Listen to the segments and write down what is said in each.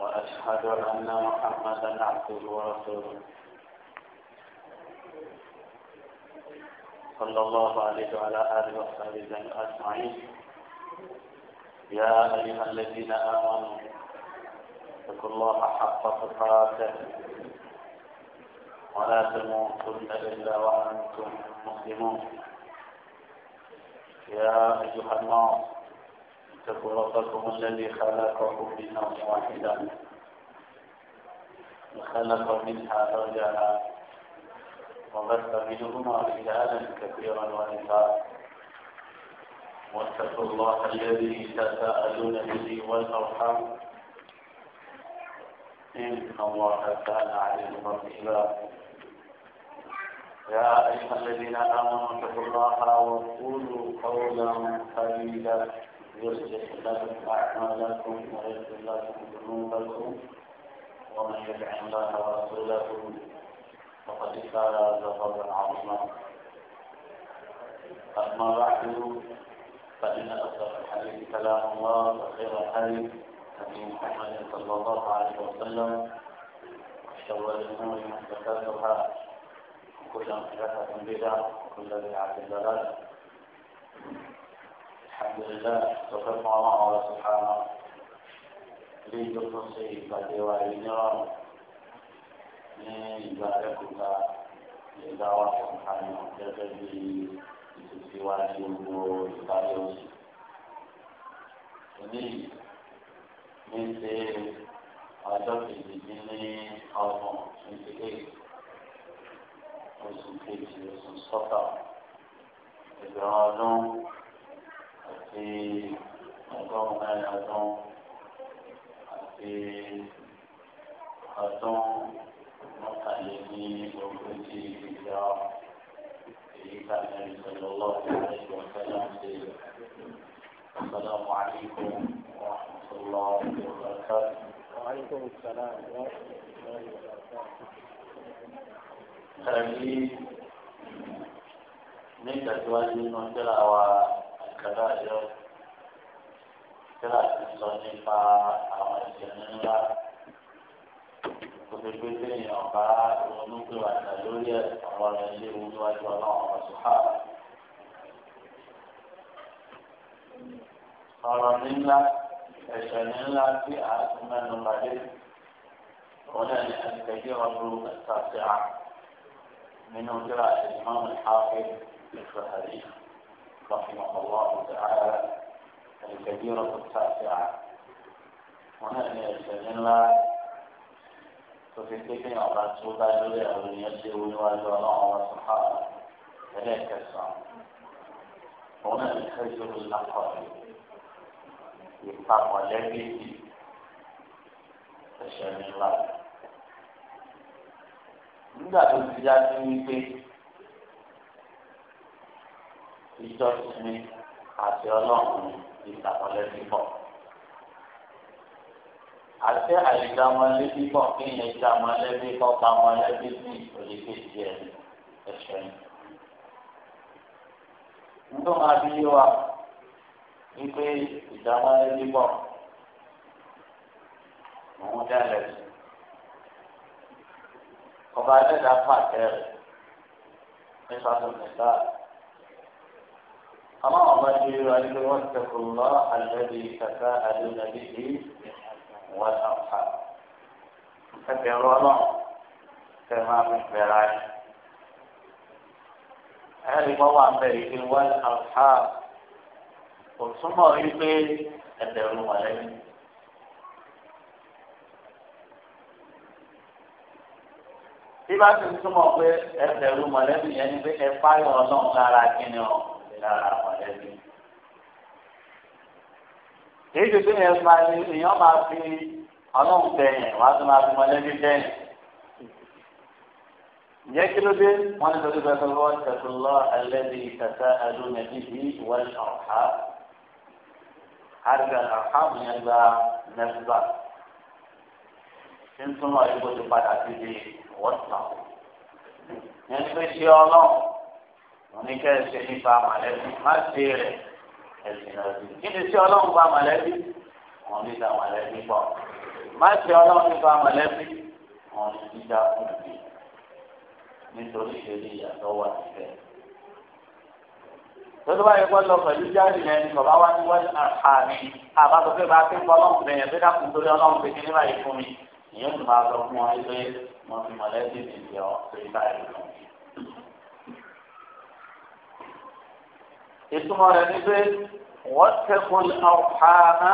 وأشهد أن محمدا عبده ورسوله صلى الله عليه وعلى آله وصحبه أجمعين يا أيها الذين آمنوا اتقوا الله حق تقاته ولا تموتن إلا وأنتم مسلمون يا أيها الناس اتقوا ربكم الذي خلقكم من نوم واحدا وخلق منها زوجها وبث منهما رجالا كثيرا ونساء واتقوا الله الذي تساءلون به والارحام إن الله كان عليكم رقيبا يا أيها الذين آمنوا اتقوا الله وقولوا قولا سديدا يصلح لكم ومن يدع الله ورسوله فقد فاز فوزا عظيما أما بعد فإن أصدق الحديث كلام الله وخير الحديث نبي محمد صلى الله عليه وسلم وشر الأمور محدثاتها وكل محدثة بدعة وكل بدعة ضلالة الحمد لله تقف الله سبحانه لي تقصي قد وعينرا من ذلكك إذا وحي سبحانه يقضي سواجه وإطاريوس لي من سير أجل الدين أرمو من سير وسن كيف وسن سطر إبراهيم àti ọgọ́rùn náírà ọdún àti ọdún mọ́tàléní ogójì ìjọ èyí ká lẹ́yìn sọ̀rọ̀ lọ́wọ́ lẹ́yìn ọ̀sẹ̀lá ṣe asalaamu alaykum wa rahmatulahi wa barakatuh. wa alaykum salaam wa ní ìtẹ̀síwájú nínú ìṣẹ́lá wa. الكبائر قراءة الصحيفة أو الجنة gbogbo pé ní ọba olóògbé wa ta lórí ẹ àwọn ọmọ ilé olúwájú ọlọ́run ọmọ sùhà. ọ̀rọ̀ nílá ẹ̀ṣẹ̀ nílá tí a ti mẹ́nu bàdé wọn náà ní àtẹ̀jẹ́ ọdún ẹ̀ka sí a nínú kíláàsì mọ́mù ìhàfẹ́ ìfọ̀hàlì. رحمه الله تعالى الكبيرة التاسعة ونحن نسأل الله ففيكين أوقات سودا يولي أو يسير ونوال الله سبحانه ذلك السلام هنا الحجر الأقرب يقام ولده فشأن الله nígbà tó ti ìjọsìn àti ọlọ́run ìtàkọ́lẹ́ bíbọ̀. àti àìdámọ́lé bíbọ̀ kéèyàn dámọ́lé bíbọ̀ bámọ́lé bíbí olùkejì ẹ̀ ẹ̀ṣẹ̀ yìí. nítorí wọn bí wa wípé ìdámọ́lé bíbọ̀ òun dẹ́lẹ̀ ọba adẹ́dàá pàtẹ́ rẹ̀ nípa tó nìkan. اللهم اجعل عليكم واتقوا الله الذي تساءلون به والارحام فكروا الله كما مخبران هذه موضع بريد والارحام ثم يقول الدعوة عليه bí bá ti túmọ̀ pé ẹ̀ẹ́dẹ̀rú mọ̀lẹ́bí yẹn ni pé ẹ fáyọ̀ ọlọ́run lára kí ni ọ̀ lára mọ̀lẹ́bí. èyí tó tẹ́lẹ̀ ẹ̀ máa ní èèyàn máa fi ọlọ́run bẹ̀yẹn wàá tó máa fi mọ̀lẹ́bí bẹ̀yẹn. ǹjẹ́ kí ló dé wọ́n ní tọ́jú bẹ́ẹ̀ lọ́wọ́ tẹ̀sánlọ́ ẹlẹ́dì tẹ̀sán ẹlú nàìjíríì wọ́n ọ̀há àgbà ọ̀há yẹn gba mẹ́fà tuntun náà yóò ti padà sí di wọ́n tàn. yẹn ṣe ọlọ́run oníkẹ́ ẹsẹ̀ nípa mọ̀lẹ́bí má ṣe rẹ̀ ẹ̀sìn náà bí. kí ni sí ọlọ́run bá mọ̀lẹ́bí wọn ní ìdá mọ̀lẹ́bí pọ̀ má ṣe ọlọ́run nípa mọ̀lẹ́bí wọn ní dídá fún mi nítorí ìṣẹ̀lẹ̀ ìyàtọ̀ wà níbẹ̀. tọ́lú báyìí wọ́n lọ pẹ̀lú jáde yẹn ní bàbá wa ní wọ́n àmì àbátọ̀ pé bá a ti ń fọlọ́run bẹ̀yẹ̀ pé ká kùn torí ọlọ́run pé kíní báyìí fún mi ìyẹn ìtumọ̀ rẹ̀ ni pé wọ́n tẹ̀kùn ọ̀hánà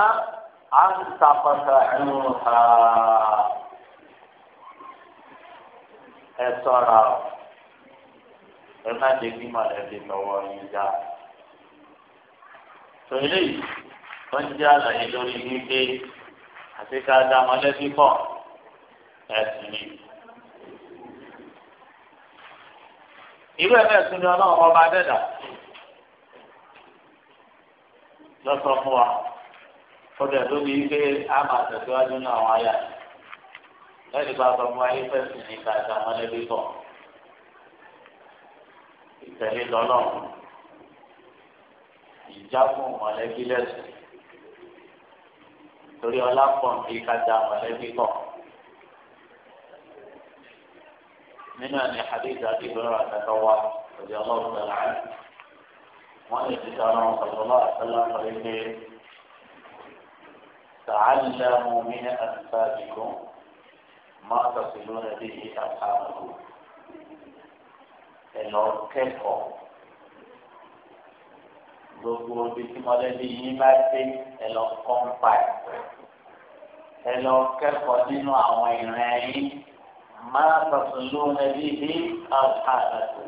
à ń tapàtà ẹnu ha. ẹ ṣọ́ra o ẹ má lè bí mọ̀lẹ́bí lọ́wọ́ yín dá. tó eléyìí tó ń jẹ́ àlàyé lórí wípé àti ká dá mọ̀lẹ́bí pọ̀ ẹ̀sìn ni. irú ẹ̀ bẹ́ẹ̀ tún ọba dẹ́dà lọ́sọ̀ fún wa fọdẹ tó di pé a máa tẹ̀síwájú ní àwọn àyà lẹ́yìn bá sọ fún wa yín fẹ́sì ní ká ẹ̀ka mọ́lẹ́bí bọ̀ ìtẹ̀lé lọ́nà ìjà fún mọ̀lẹ́bí lẹ́sùn torí ọlá pọ̀ ní ká da mọ̀lẹ́bí bọ̀. nínú àná hadith àti ìgbéra àtàkọ́wá ọ̀dẹ̀ ọlọ́run tẹ̀lé àná wọ́n lè ti sọ ọmọ ọ̀sọ̀lọ́ àtàlà pẹ̀lú pé sàálà mu mi ní àtúntà ìgbó máa tọ̀sí lónà bí i àtàkù ẹ̀ lọ kẹ́kọ̀ọ́ gbogbo ibi tí mọ̀lẹ́bí yín bá dé ẹ̀ lọ kọ́ńpà ẹ̀ lọ kẹ́kọ̀ọ́ nínú àwọn ìrìn ẹ̀yìn máa tọ̀sí lónà bí i àtàkù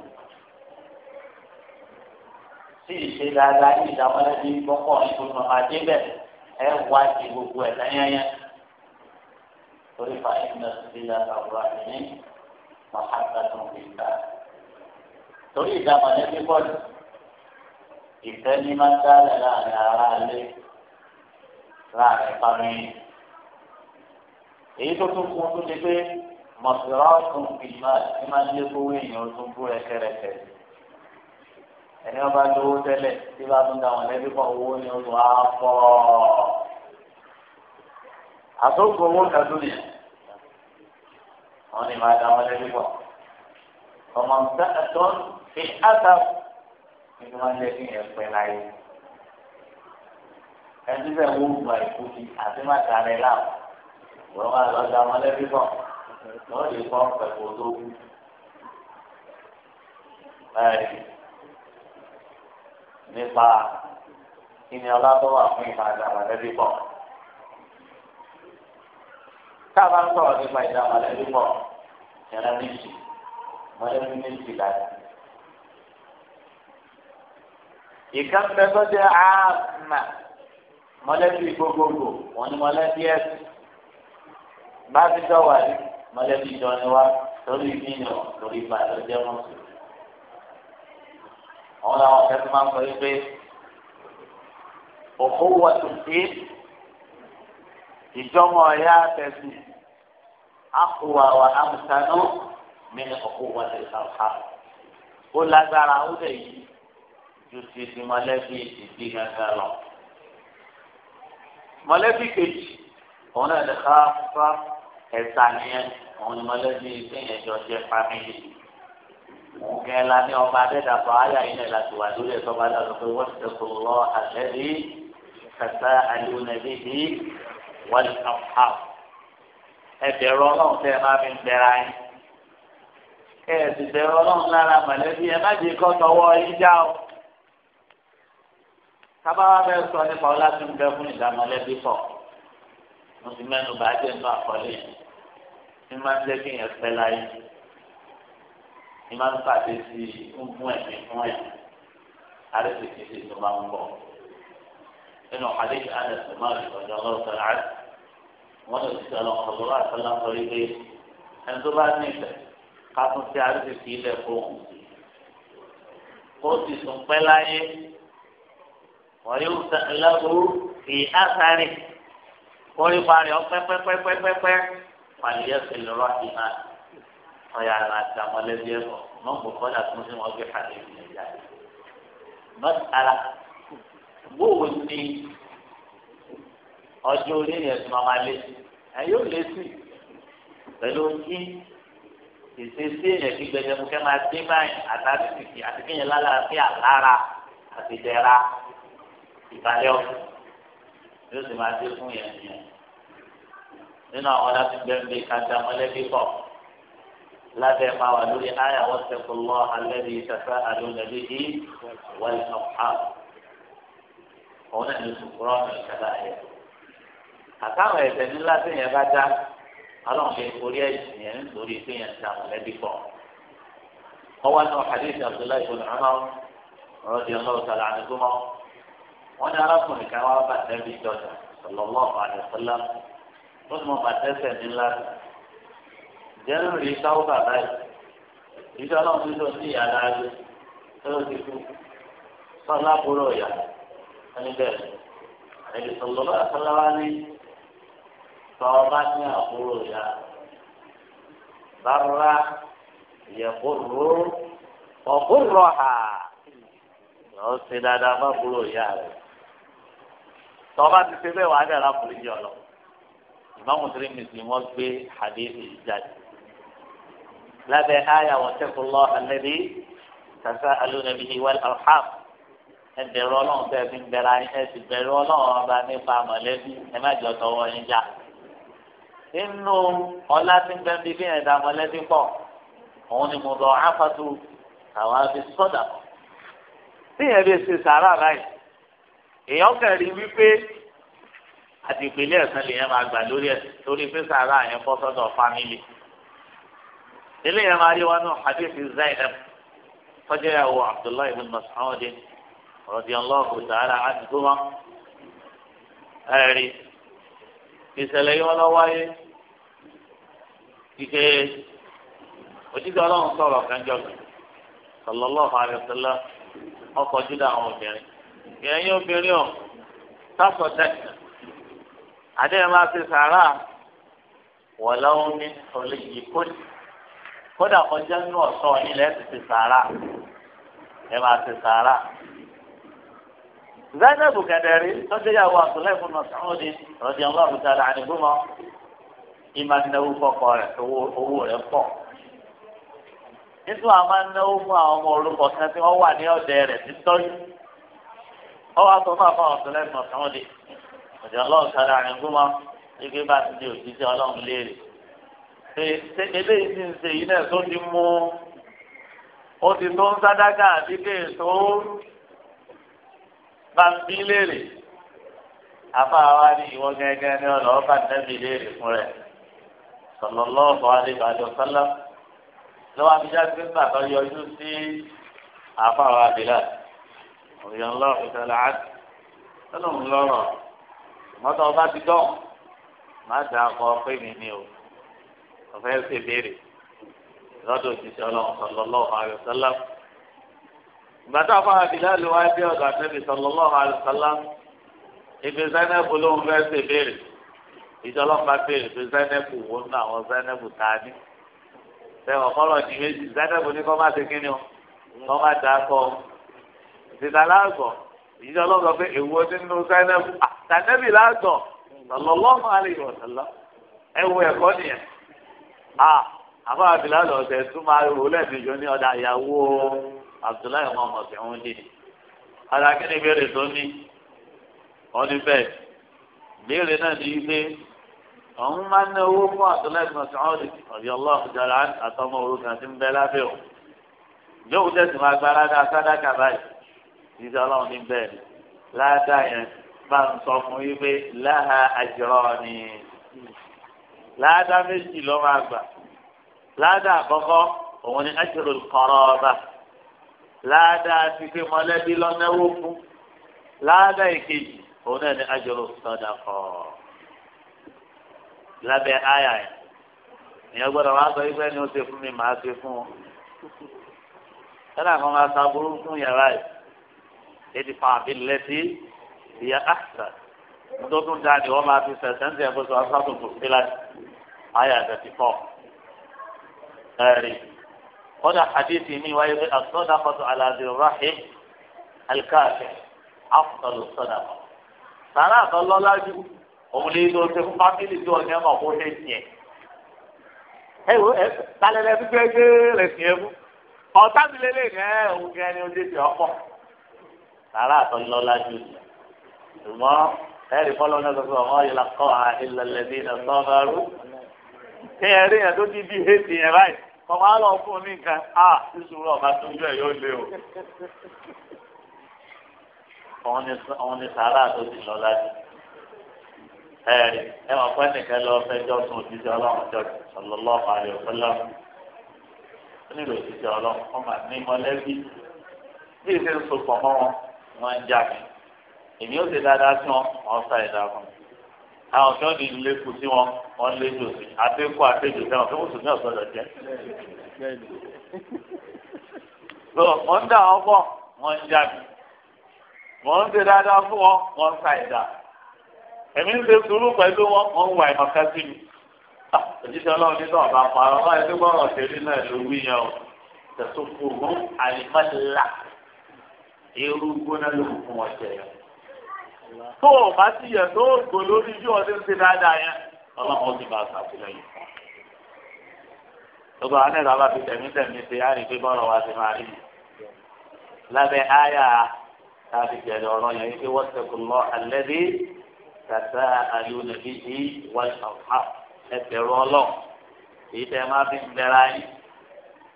tí ìṣe dáadáa ní ìdámọ́lẹ́bí gbọ́kọ̀ ìgbóná adé bẹ́ẹ̀ ẹ̀ wá ti gbogbo ẹ̀ lẹ́yẹnyẹ. torí fàáyé náà ti di àtàwọn àmì màhàtà tó ń gbèta. torí ìdámọ́lẹ́bí bọ́ọ̀lù ìfẹ́ ní máa ń dálẹ̀ láàrin ará ilé láàrin pàmì. èyí tó tún kún tó ti pé mọ̀sùlùmí ọ̀tún ìgbà tí èèyàn tó ń bú ẹkẹrẹkẹrẹ ẹni ọba lówó tẹ́lẹ̀ tí bá tún da wọn lẹ́bí kan owó ni olùwà fọ́ àtòkù owó kàdúrì wọn ni máa da wọn lẹ́bí kan ọmọ nǹkan ẹ̀tọ́ fi áta nínú wọn lẹ́bí yẹn pẹ́ láyé ẹni bẹ́ẹ̀ wọ́n gba ìkú ni àti má ta rẹ̀ láwọn wọ́n máa lọ da wọn lẹ́bí kan wọ́n lè pẹ̀lú ológun báyìí nípa ìní ọlábọ́wà fún ìmọ̀-àdàmà lẹ́bí pọ̀. tá a bá ń sọ̀rọ̀ nípa ìdàmà lẹ́bí pọ̀ ìrìn méjì mọ̀lẹ́bí méjì láti. ìkànnì tó jẹ́ àmà mọ̀lẹ́bí gbogbogbò wọn ni mọ̀lẹ́bí ẹ̀sìn bá ti dọ̀wà mọ̀lẹ́bí jọ ni wá lórí mílíọ̀nù lórí ìbàdàn jẹ́ mọ̀sùlùmí àwọn làwọn ọ̀sẹ̀ tó máa ń sọ yìí pé òkú wọ tòṣì ìjọmọ ọ̀yá tẹ̀sí àkùwà wà ámùsánú mi ní òkú wọ tẹ̀sí àwòká ó lágbára ó lè yí ju ti di mọ̀lẹ́bí ìdí gángan lọ. mọ̀lẹ́bí kejì òun náà lè ká fún ẹ̀sà nìyẹn òun ni mọ̀lẹ́bí ìdí ìyẹn jọ jẹ́ fámìlì kẹla ní ọba adédàpọ̀ ayé ayé náà láti wà lórí ẹ̀sọ́ bá dàgbà pé wọ́n ti kò lọ àtẹ́rí kẹta àlùmọ̀lẹ́bí bí wọ́n ti kàn á. ẹ̀bẹ̀ rọ náà tẹ́ ẹ máa fi ń bẹ̀rẹ̀ ayé. kẹ́ ẹ̀ sì bẹ̀rẹ̀ ọlọ́run lára mọ̀lẹ́bí ẹ má jẹ́ kọ́ tọwọ́ ìjà o. sábàá fẹ́ sọ nípa ọlá tó ń bẹ fún ìdá mọ̀lẹ́bí pọ̀. mo ti mẹ́nu bàá nínú àkọlé yìí. mi máa ń jẹ́ kí ní máa ń pàdé sí ń fún ẹ̀mí fún ẹ̀ àrẹ́sì kìí ṣe tó máa ń bọ̀. nínú àdéhùn àdéhùn máa ń sọ̀rọ̀ ọlọ́run sọ̀rọ̀ àti wọ́n lè ti sọ̀rọ̀ ọ̀rọ̀ àtọ́lá sọ wípé ẹni tó bá ní ìfẹ́ ká tún sí àrẹ́sì kìí lẹ̀ fún òun. ó sì sùn pẹ́ láyé wọ́n yóò sẹ́ ẹlẹ́rú kì í ásárì kórìparí ọ pẹ́pẹ́pẹ́pẹ́pẹ́ pàlíyẹ́sì lọ́rọ̀ ìhàn ọ̀yà àti àmọ̀lẹ́bí ẹ̀kọ́ mọ́mú kọ́dà tó ń sìn wọ́n gbé kàdé ìlú ìjà rẹ̀. mọ́tàlá bóòwò ni ọjọ́ orí yẹn tó máa lé ẹ yóò lé sí pẹ̀lú kí ìṣesí yẹn kí gbẹdẹmukẹ́ máa dé báyìí àtàkì tìkì àti kéèyàn lálàáfíà lára àti dẹ̀ra ìbàlẹ̀ ọ̀hún yóò sì máa dé fún yẹn yẹn nínú àwọn láti gbẹ̀ǹdé kájà mọ́lẹ́bí kọ̀ọ̀kan lábẹ́ máa wà lórí àyà wọ́n sẹ́kùn lọ́ alẹ́ bíi sẹ́fẹ́ àdóńdàbí yìí wọ́n lè ọ̀pá. òun náà ní sùkúrọ̀ ní ìṣẹ̀lá yẹn. àtàwọn ẹ̀ṣẹ̀ ńlá tí yẹn bá dá ọlọ́run fi orí ẹ̀sìn yẹn nítorí pé yẹn ta mọ̀lẹ́bí pọ̀. ọwọ́ náà hadith abdullahi ibn umar rọ́ọ̀dì ọlọ́run sàlẹ̀ àdúgbò wọn ní arákùnrin kan wá bàtẹ́ bíi dọ́jà sọlọ́lọ́ jẹ́rù rí sáwọ́ bàbá yìí ìjọ náà ti lọ sí ìyàrá rẹ̀ tó ló ti kú sọlá búrò ìyá ẹni bẹ́ẹ̀ ẹni sọlọ bá sọlá wá ní sọlá bá ní àbúrò ìyá bàbá ìyẹ̀kọ́ ró ọ̀kọ́ rọ̀ hà ọ̀ ṣe dáadáa bá búrò ìyá rẹ̀ tọ́ba ti ṣe bẹ́ẹ̀ wà á dẹ̀ ra fòlìjì ọ̀lọ́ ìmáàmù tìrìmìtì wọ́n gbé hadith jáde lábẹ́ àyà wọ́tẹ́kùlọ́ alẹ́bí tàṣà alónàbíyí wal arham ẹbẹ̀rẹ̀ ọlọ́run tẹ́ fi ń bẹ̀rẹ̀ ayé ẹsì bẹ̀rẹ̀ ọlọ́run ọba nípa mọ̀lẹ́bí ẹ má jọ tọwọ́ yín já. inú ọlá tí ń bẹ́ẹ̀ bí fíyàn ìdá mọ̀lẹ́bí pọ̀ òun ni mo lọ áfàtú àwọn afi sọ́dà. fíyàn bí ṣe sàárà báyìí èèyàn kẹrin wípé àti ìpínlẹ̀ ẹ̀sán lèèyàn máa gbà lórí ẹ̀ torí pé sàárà yẹn bọ́ sọ́dọ̀ fámìlì eléyà máa rí wa nù hadithi zainab fọjọyàwó abdullahi bin mas'ud radiyallahu ta'ala anhuma ẹ̀rí ìṣẹ̀lẹ̀ yìí wọn lọ wáyé ike òjijì ọlọ́run sọ̀rọ̀ kanjọ́ mi sallallahu alaihi wasallam ọkọ̀ júdà àwọn obìnrin ìyẹn obìnrin ọ̀ sásọ̀ dẹ́kẹ̀ adéyẹ máa fi sàrà wọ̀lọ́wọ́ ní ọ̀lẹ́yìn kọ́ni kódà kọjá nínú ọ̀sán ilẹ̀ ti ti sàárà ẹ máa ti sàárà. Zainab kẹdẹrí tọ́jú ìyàwó Abdullahi fún Masoudi rọ̀dí ọmọ àbúta láàrin gbọ́mọ ìmọ̀ náwó fọkọ rẹ̀ owó rẹ̀ pọ̀. Nítorí àwọn máa ń náwó fún àwọn ọmọ orúkọ kan tí wọ́n wà ní ọ̀dẹ rẹ̀ ti tọ́jú. Wọ́n wá sọ fún àwọn Abdullahi Masoudi di òjijì ọlọ́run eléyìí ti ń ṣe yìí náà tó ti mú ó ti tó ń sádágà àti kéè tó bá ń bí léèrè afáwa ní ìwọ gẹ́gẹ́ ní ọ̀nà ọba nẹ́bí léèrè fún rẹ̀ sallallahu alaihi wa sallam lọ́wọ́ abijá ti ń bàtọ́ yọjú sí afáwa abilà òyìn ọlọ́run tẹ̀lé àti tẹ́lẹ̀ ń lọ́rọ̀ mọ́tò ọba ti dán má dà kọ́ pé mi ni o ọ̀fẹ́ ṣe béèrè lọ́dọ̀ òṣìṣẹ́ ọlọ́run sallallahu alaihi wasallam. ìgbà tó afọ àbílẹ̀ ló wá bí ọ̀dọ̀ àtẹ́bí sallallahu alaihi wasallam. ìgbè zainab lóhun fẹ́ ṣe béèrè ìjọlọ́pàá béèrè pé zainab wo ní àwọn zainab ta ni. sẹ́wọ̀n kọ́lọ̀ ní méjì zainab ní kọ́ má ṣe kíni o kọ́ má dà kọ́ o. ìsìnkà láàgọ̀ ìjọlọ́pàá pé èwo nínú zainab àtànẹ́bì ah, láàgọ̀ sallallahu alaihi ẹ wo ẹ̀kọ́ nìyẹn àfọwọ́ abilá lọ sẹ tún máa wò lẹ́ẹ̀mejì ní ọ̀dà ìyàwó abdullahi muhammed ọ̀hún ni ara kí ni béèrè tó ní ọdún bẹ́ẹ̀ béèrè náà ní ilé ọ̀hún máa ń ná owó fún abdullahi muhammed ọ̀hún ọ̀dì ọlọ́ọ̀kú jọra àtọmọ orúkọ àti ń bẹ lábẹ́ o yóò tẹ̀sí máa gba aládàá sádàkà báyìí ìdí ọlọ́run ní bẹ́ẹ̀ ládàá yẹn bá ń sọ fún yí pé láha àjọrọ ni láàdá méjì ló máa gbà láàdá àkọ́kọ́ òun ni ajru al-qaraba láàdá àtìkè mọ̀lẹ́bí lọ́nẹ́wó fún láàdá ìkejì òun náà ni ajru sadaqa lábẹ́ àyà yẹn èèyàn gbọ́dọ̀ wá sọ ìgbẹ́ ni ó ṣe fún mi màá ṣe fún ọ tẹ́lẹ̀ kan máa sa burú fún yàrá yìí ètí fa àbí lẹ́sí ìyá àṣà tó tún dáa ni wọ́n máa fi sẹ̀sẹ̀ ń tẹ̀ fún sọ́wọ́n sábà tó fi láti àyà tẹ̀tí fọ́ ẹ̀rí kọ́dà àdéhìí mi wáyé pé àtúndà kọ́tù aláàdé rahim alikaafẹ́ afọ̀tọ̀lù sọ́dà kọ́ sàrà àtọ́lọ́lájú òun lè lọ sí fún fámìlì tó ọ̀nà ẹ̀mọ̀ kó lè tiẹ̀ ẹ wo ẹ talẹ̀lẹ̀ gbígbé gbé rẹ̀ tiẹ̀ mú ọ̀tá mi lè lè rẹ̀ òun kẹ́ni ó dé ti ọ̀pọ̀ sàrà àtọ́lọ́lájú ṣùgbọ́n ẹ̀rí fọlọ́ náà sọ̀rọ̀ ọmọ yìí la kọ́ à ìlẹ̀lẹ̀dì náà sọ́ọ́rù. ṣé ẹ rí yẹn tó ti di hẹ́ẹ̀tì yẹn báyìí kọ́mọ àlọ́ fún un ní nǹkan á sísúrú ọ̀bá tó ń jọ yóò lé o. òun ni sàrà tó ti lọ láti. ẹ̀rí ẹ wà pẹ́ nìkan lọ fẹjọ́ sun òjíṣẹ́ ọlọ́run jọ sallallahu alaihi wasallam. ó nílò òjíṣẹ́ ọlọ́run kọ́mà èmi ó ṣe dáadáa sí wọn wọn sá ẹ̀dá fún mi àwọn tí wọn di lékun sí wọn wọn léjò sí àtẹkù àtẹjò sí wọn fún oṣù ní ọ̀sán lọ́jẹ́. so wọ́n ń dà wọ́n bọ̀ wọ́n ń já mi wọ́n ń ṣe dáadáa fún wọn wọ́n sá ẹ̀dá èmi ń ṣe sùúrù pẹ̀lú wọn wọ́n ń wà ìmọ̀ká sí mi. Ah, òjíṣẹ́ ọlọ́run nínú ọ̀bá pa àwọn ọmọ ẹgbẹ́ gbọ́rọ̀ tèmi náà ló wí yẹn o tẹ̀sán kò mú àlìmọ́lá irú ló fún wọn yẹn tó o bá ti yẹ tó o gbò lórí bí ọdún ti dáadáa yẹn ọlọ́run ti bá a ṣàtìlẹ́yìn. gbogbo àwọn ẹ̀rọ bá fi tẹ̀mítẹ̀mí ṣe á rí i pé bọ́ọ̀rọ̀ wa ti máa rí i. lábẹ́ áyà tá a fi jẹ̀rẹ̀ ọ̀rọ̀ yẹn wípé wọ́n tẹ̀kù lọ alẹ́ bí tàtà àlù nàbí yìí wọ́n ṣàfà ẹ̀bẹ̀rù ọlọ́run èyí tẹ́ máa fi ń ayé.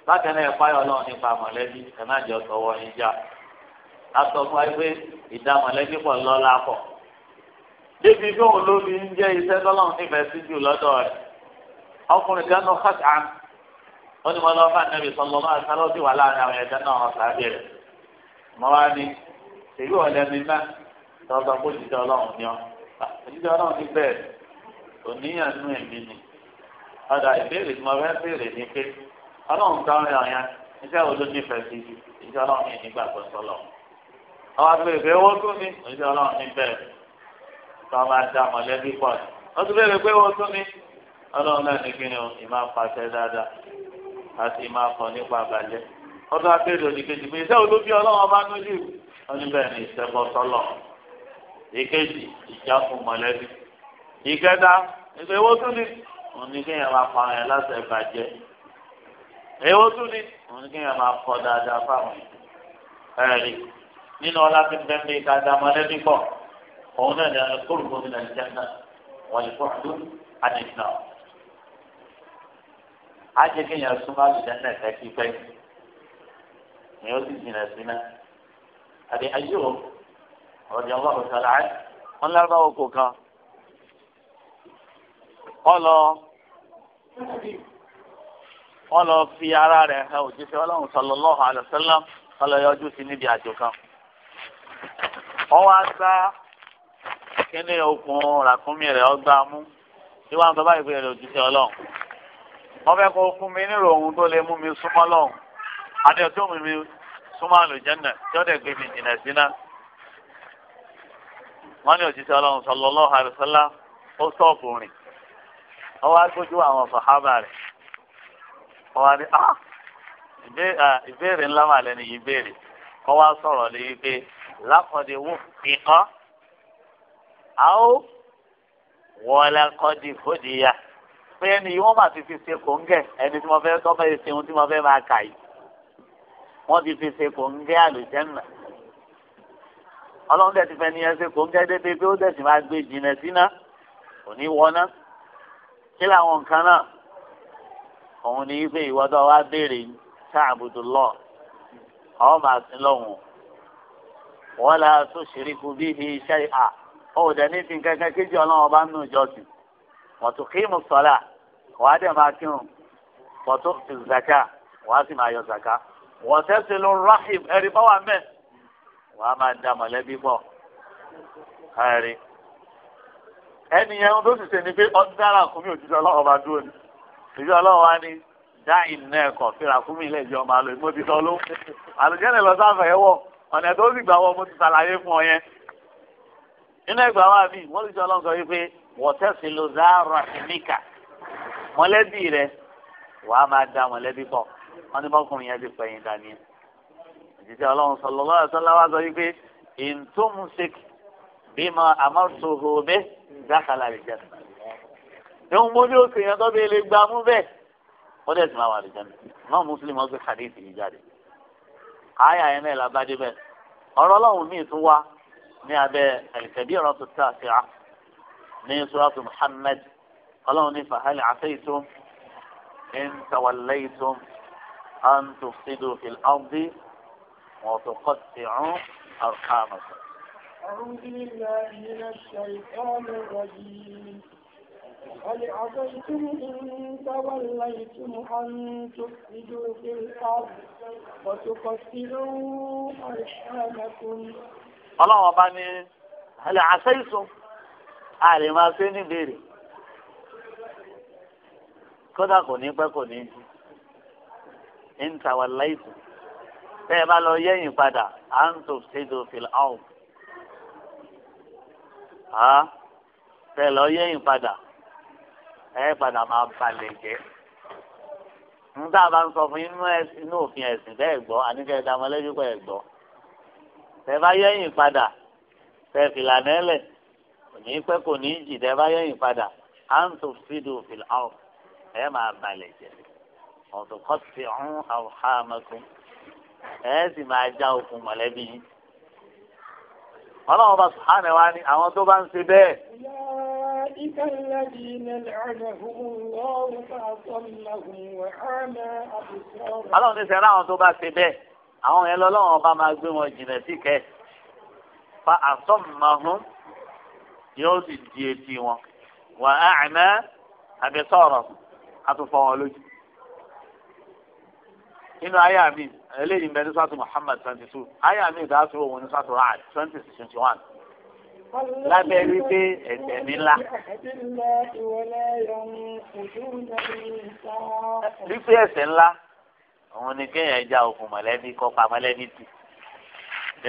bákan náà ẹ̀fọ́ ayọ̀ ọlọ́run nípa mọ̀lẹ́bí ẹ̀ má jẹ́ ọ̀tọ̀ wọ ìdámọ̀lẹ́bí pọ̀ lọ́la pọ̀ débi bí òun ló fi ń jẹ́ iṣẹ́ tọ́lọ́run nífẹ̀ẹ́ sí jù lọ́dọ̀ rẹ̀ ọkùnrin kan ló kọ́ sàn ó ní mo lọ bá nẹ́bí sọ́lọ́ máa sá ló sì wà láàrin àwọn ẹ̀dá náà ọ̀sán àbí rẹ̀ mo wá ní èyí ò lẹ́ni náà tọ́lọ́ bó jíjẹ ọlọ́run ni ọ́ jíjẹ ọlọ́run ní bẹ́ẹ̀ òníyàn nú ẹ̀mí ni ọ̀dà ìbéèrè tí mo fẹ́ béèrè ni pé ọlọ́run kan rẹ̀ ọ̀yàn iṣẹ́ wo nífẹ̀ẹ́ sí ju iṣẹ́ ọlọ́run yẹn nígbàgbọ́ sọ́lọ́run. àwọn ife pé wọ́n tún ní ojú ọlọ́run ní tó a máa da mọ̀lẹ́bí pọ̀ ní. wọ́n tún béèrè pé wọ́n tún ní ọlọ́run náà ní kíni o ìmá pàṣẹ dáadáa àti ìmá kọ nípa àbàjẹ́. wọ́n tún òdìkejì pé ọba nújù wọ́n ní sọlọ ni ìṣẹ́bọ ìkejì ìjà fún mọ̀lẹ́bí. ìkẹta ìgbé wọ́n tún ní nínú ọlá tí bẹ́ẹ̀ bí ká dá mọ́lẹ́bí pọ̀ òun náà ní alukórùkù ní nàìjíríà wọ́n lè fọ́ọ̀dù àdìsínà. á jẹ́ kí èèyàn súnmọ́ àlùjẹ́ náà fẹ́ kí pẹ́ ni ó sì jìnà sí náà. àbí ayé o ọ̀rọ̀dì ọlọ́run sọ̀rọ̀ àá wọn lára oko kan ọlọ ọlọ fi ara rẹ̀ hàn òjíṣẹ́ ọlọ́run sallallahu alaihi wasallam ọlọ yọjú sí níbi àjò kan wọ́n wá sá kíní okùn ràkúnmí rẹ̀ ọgbà mú tí wọ́n sọ báyìí pé ẹ̀rọ òjíṣẹ́ ọlọ́run wọ́n fẹ́ kó fún mi nírò ohun tó lè mú mi súnmọ́ lọ́hùn àti ọtí òmù mi súnmọ́ àlùjẹ́nà tí ó dẹ̀ gbé mi jìnà síná. wọ́n ní òjíṣẹ́ ọlọ́run sallallahu alaihi wasallam ó sọ́ọ̀kù rìn wọ́n wá gbójú àwọn sàhábà rẹ̀ wọ́n wá ah ìbéèrè ńlá màlẹ́ ni ìbéèrè wọ́n wá sọ̀rọ̀ lé wípé lakɔdi wo fikɔ awo wọlé kɔdi fòdìyà pé ẹni yìí wọ́n bá ti fi ṣe kòńgẹ́ ẹni tí mo fẹ́ tọ́fẹ́ ṣe ohun tí mo fẹ́ máa kà yìí wọ́n ti fi ṣe kòńgẹ́ àlùjẹ́nà ọlọ́run tẹ̀sí fẹ́ni yẹn ṣe kòńgẹ́ débi pé ó tẹ̀sí máa gbé jìnnà síná kò ní wọná kí làwọn nǹkan náà òun ni ife ìwọ́dọ̀ wa béèrè sáà àbùdù lọ ọ́ wọ́n la tó ṣeréku bí i iṣẹ́ à ọ̀hún dẹ̀ ní fi kankan kéjì ọlọ́run ọba nínú ìjọsìn wọ́tò kíìmù sọ́là wàá dẹ̀ máa kírun wọ́tò zaka wàá sì máa yọ zaka wọ́tẹ́ ti lu rahim ẹ̀rí bá wà mẹ́ wàá máa da mọ̀lẹ́bí pọ̀ ẹ̀rí ẹnìyẹn tó sì ṣe ni pé ọdún dára kùmí òjijì ọlọ́run ọba dúró ni òjijì ọlọ́run wa ni dáìn náà kọ̀ fìrà kùmí ilé ìjọ máa lò ti tọ́ ló àlùjẹ́ ọ̀nà tó sì gbà wọ́n mo ti ṣàlàyé fún ọ yẹn. nínú ẹgbàá wa bíi wọ́n lè sọ ọlọ́run sọ wípé wọ́tẹ́sì ló zá rahimika mọ̀lẹ́bí rẹ wàá máa da mọ̀lẹ́bí pọ̀ wọ́n ní bọ́kùnrin yẹn ti pẹ̀yìn dání ẹ̀. ìdíjẹ́ ọlọ́run sọlọ lọ́wọ́ sọlá wa sọ wípé ìntòmùsík bímọ àmọ́tòhóbẹ́ dákàlà ìjẹ́ ìhun mo ní oṣù yẹn tó bẹ́ẹ̀ lè gbà mú bẹ́ẹ̀ wọ́n dẹ̀ sì máa wà lè jẹun náà mùsùlùmí ọgbẹ́ kàdé ìsìn jáde àyà yẹn náà làbádé bẹ́ẹ̀ ọ̀rọ̀ ọlọ́run míì tún wá ní abẹ́ ẹ̀lẹ́kẹ̀dí ọ̀rọ̀ tó tà sí a ní suratu Muhammad ọlọ́run ní fàhálì àfẹ́yìntún in tawallaytum an tufsidu fil ardi wa tuqatti'u arhamakum. أعوذ بالله من الشيطان الرجيم هل عصيتم إن توليتم أن تفسدوا في الأرض وتقتلوا أرحامكم ọlọ́run ọba ní ẹlẹ́ àṣẹ́yìísùn àlè máa ṣe ní ìbéèrè kódà kò ní pẹ́ kò ní jù ń ta wà láìsùn bẹ́ẹ̀ bá lọ yẹ́yìn padà à ń tò ṣèjọ fìlà ọ̀hún bẹ́ẹ̀ lọ yẹ́yìn padà ẹ padà máa balẹ̀ jẹ́ nígbà bá ń sọ fún inú inú òfin ẹ̀sìn bẹ́ẹ̀ gbọ́ àníkẹ́ ẹ̀dá ọmọlẹ́bí pẹ̀ gbọ́ tẹ bá yẹ̀yìn padà tẹ fìlànà ẹlẹ̀ kò ní pẹ́ kò ní jì tẹ bá yẹ̀yìn padà hands of sidu fìlà ọ̀ ẹ máa balẹ̀ jẹ́ ọ̀tún kọ́ ti ọ̀hún àwòhámakùn ẹ sì máa já okùn mọ̀lẹ́bí ọlọ́run bá sùhánẹ̀ wá ní àwọn tó bá ń ṣe bẹ́ẹ̀. أولئك الذين لعنهم الله فأضلهم وأعمى أبصارهم Ọlọ́run ní sẹ́ni àwọn tó bá ṣe bẹ́ẹ̀ àwọn yẹn lọ́lọ́run ọba máa gbé wọn jìnà sí kẹ́ fa àsọ̀mọ̀hún yóò sì di etí Muhammad twenty two àyà mi ìdásùn òun ní sátú rà twenty twenty one lábẹ́ wípé ẹ̀ṣẹ̀ mi ńlá. wípé ẹ̀ṣẹ̀ ńlá òun ni kéèyàn já òkun mọ̀lẹ́bí kọ́ pa mọ̀lẹ́bí tì.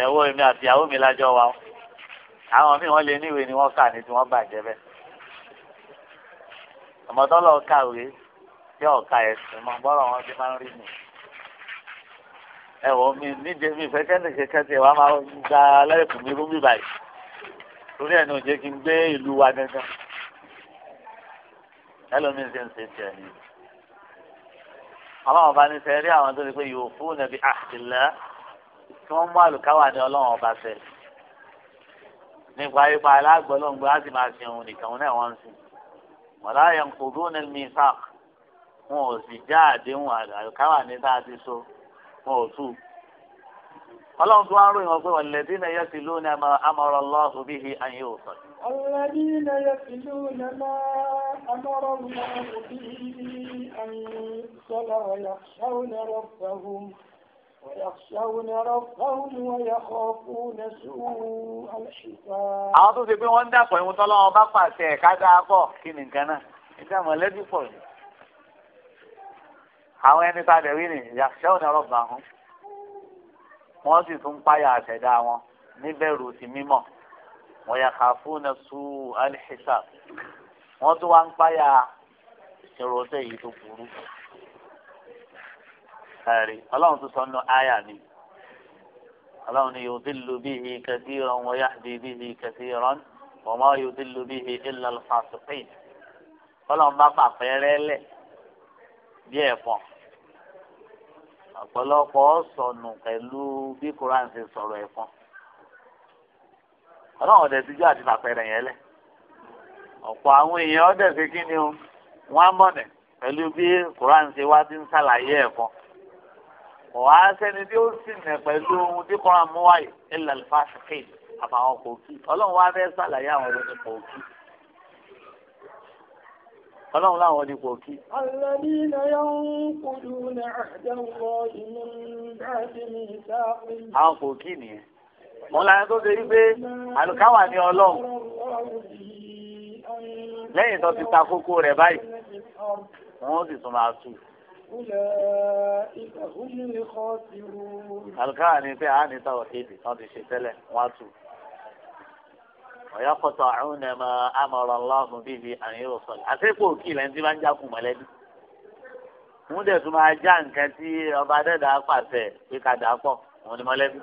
èmi àti ìyàwó mi lájọ wa o. àwọn míì wọ́n lè níwèé ni wọ́n kà ní tí wọ́n bàjẹ́ bẹ́ẹ̀. ọmọdọ́lọ́ kàwé tí ọ̀ka ẹ̀sìn mọ́ bọ́rọ̀ wọn ti máa ń rí mi ẹ̀wọ̀n mi nídìí mi fẹ́ kẹ́ndìkẹ́kẹ́ tí wàá máa gba lẹ́ẹ̀kùn torí ẹ̀ ní òjé kí n gbé ìlú wa gangan ẹlòmíín ṣe ń ṣe tiẹ̀ ni ọlọ́run bá ní sẹ́ rí àwọn tó ti pé yòó fún nàbí àtìlẹ́ kí wọ́n mú àlùkáwà ní ọlọ́run ọba sẹ́ nípa ipa alágbọ̀lọ́ngbọ̀ láti máa ṣe òun nìkan náà wọ́n ń wọ́n láyọ̀ ń kúrú ní mísàk wọn ò sì já àdéhùn àlùkáwà ní tá ti so wọn ò tù ọlọ́run tó wá ń ròyìn ọgbẹ́ wọn lẹ́bí náà yẹ ti ló ní amọ̀rọ̀ lọ́hùn bíi ayé òsàn. ọ̀lẹ́bí náà yẹ ti ló ní amọ̀rọ̀ lọ́hùn bíi ayé sọ́lá ọ̀yàṣáwọn ẹ̀rọ fẹ́hùn ọ̀yàṣáwọn ẹ̀rọ fẹ́hùn ọ̀yàkọ̀ọ̀kùn ẹ̀sùn àlùṣìkà. àwọn tó ṣe pé wọ́n ń dàpọ̀ ìwọ̀n tọ́lọ́wọ́n àwọn ẹni tá a dẹ̀ wí ni ìyàṣáwọn ẹ̀rọ bàá hàn wọ́n sì tún páyà àṣẹ̀dá wọn níbẹ̀rù sí mímọ̀ wọ́n yà kà fún ẹ̀sù alìṣẹ́sà wọ́n tún wá ń páyà ìrọ̀sẹ̀ yìí tó burú. ẹ̀rí ọlọ́run tún sọ nù áyà ni ọlọ́run ni yudillu bihi kathiran wa yahdi bihi kathiran wa ma yudillu bihi illa al-fasiqin ọlọ́run bá pàpẹ́rẹ́ lẹ̀ bí ẹ̀fọn ọ̀pọ̀lọpọ̀ sọnù pẹ̀lú bí koran ṣe sọ̀rọ̀ ẹ̀fọn ọlọ́run ọ̀dẹ̀ tíjú àti tàpẹ̀rẹ̀ yẹn lẹ̀ ọ̀pọ̀ àwọn èèyàn ọ̀dẹ̀ ṣe kí ni o wọ́n á mọ̀nẹ̀ pẹ̀lú bí koran ṣe wá ti ń ṣàlàyé ẹ̀fọn ọ̀hà sẹ́ni tí ó sì nẹ̀ pẹ̀lú ohun tí koran mú wáyé ẹ̀ lálẹ́ fásitì àbàwọn kò kí ọlọ́run wá fẹ́ ṣàlàyé àwọn ọ̀dọ́ ọlọ́run láwọn ní kò kí. àwọn kò kí nìyẹn wọn lára tó ṣe wípé àlùkáwà ni ọlọ́run lẹ́yìn tó ti ta kókó rẹ̀ báyìí wọ́n sì tún máa tù. àlùkáwà ni pé àánì táwọn kéde tán ti ṣe tẹ́lẹ̀ wọ́n á tù ọ̀yọ́ kọ́tọ̀ àrùn nà mọ́ amọ̀rọ̀ ọlọ́run bíbí àyìn òsàn àtẹ́kù òkì ilẹ̀ ń tí máa ń jákùn mọ́lẹ́bí. òun dẹ̀ tún máa já nǹkan tí ọba dẹ́dà pàṣẹ pé ká dà pọ̀ òun ni mọ́lẹ́bí.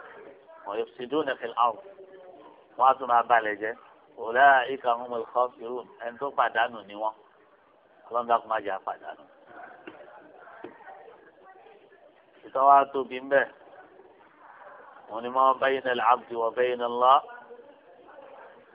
wọ́n yóò sì dún nìkan wọ́n á tún máa balẹ̀ jẹ́ òlà ìka ọmọ ìkọ́ irú ẹni tó pàdánù ni wọ́n ọlọ́run dákun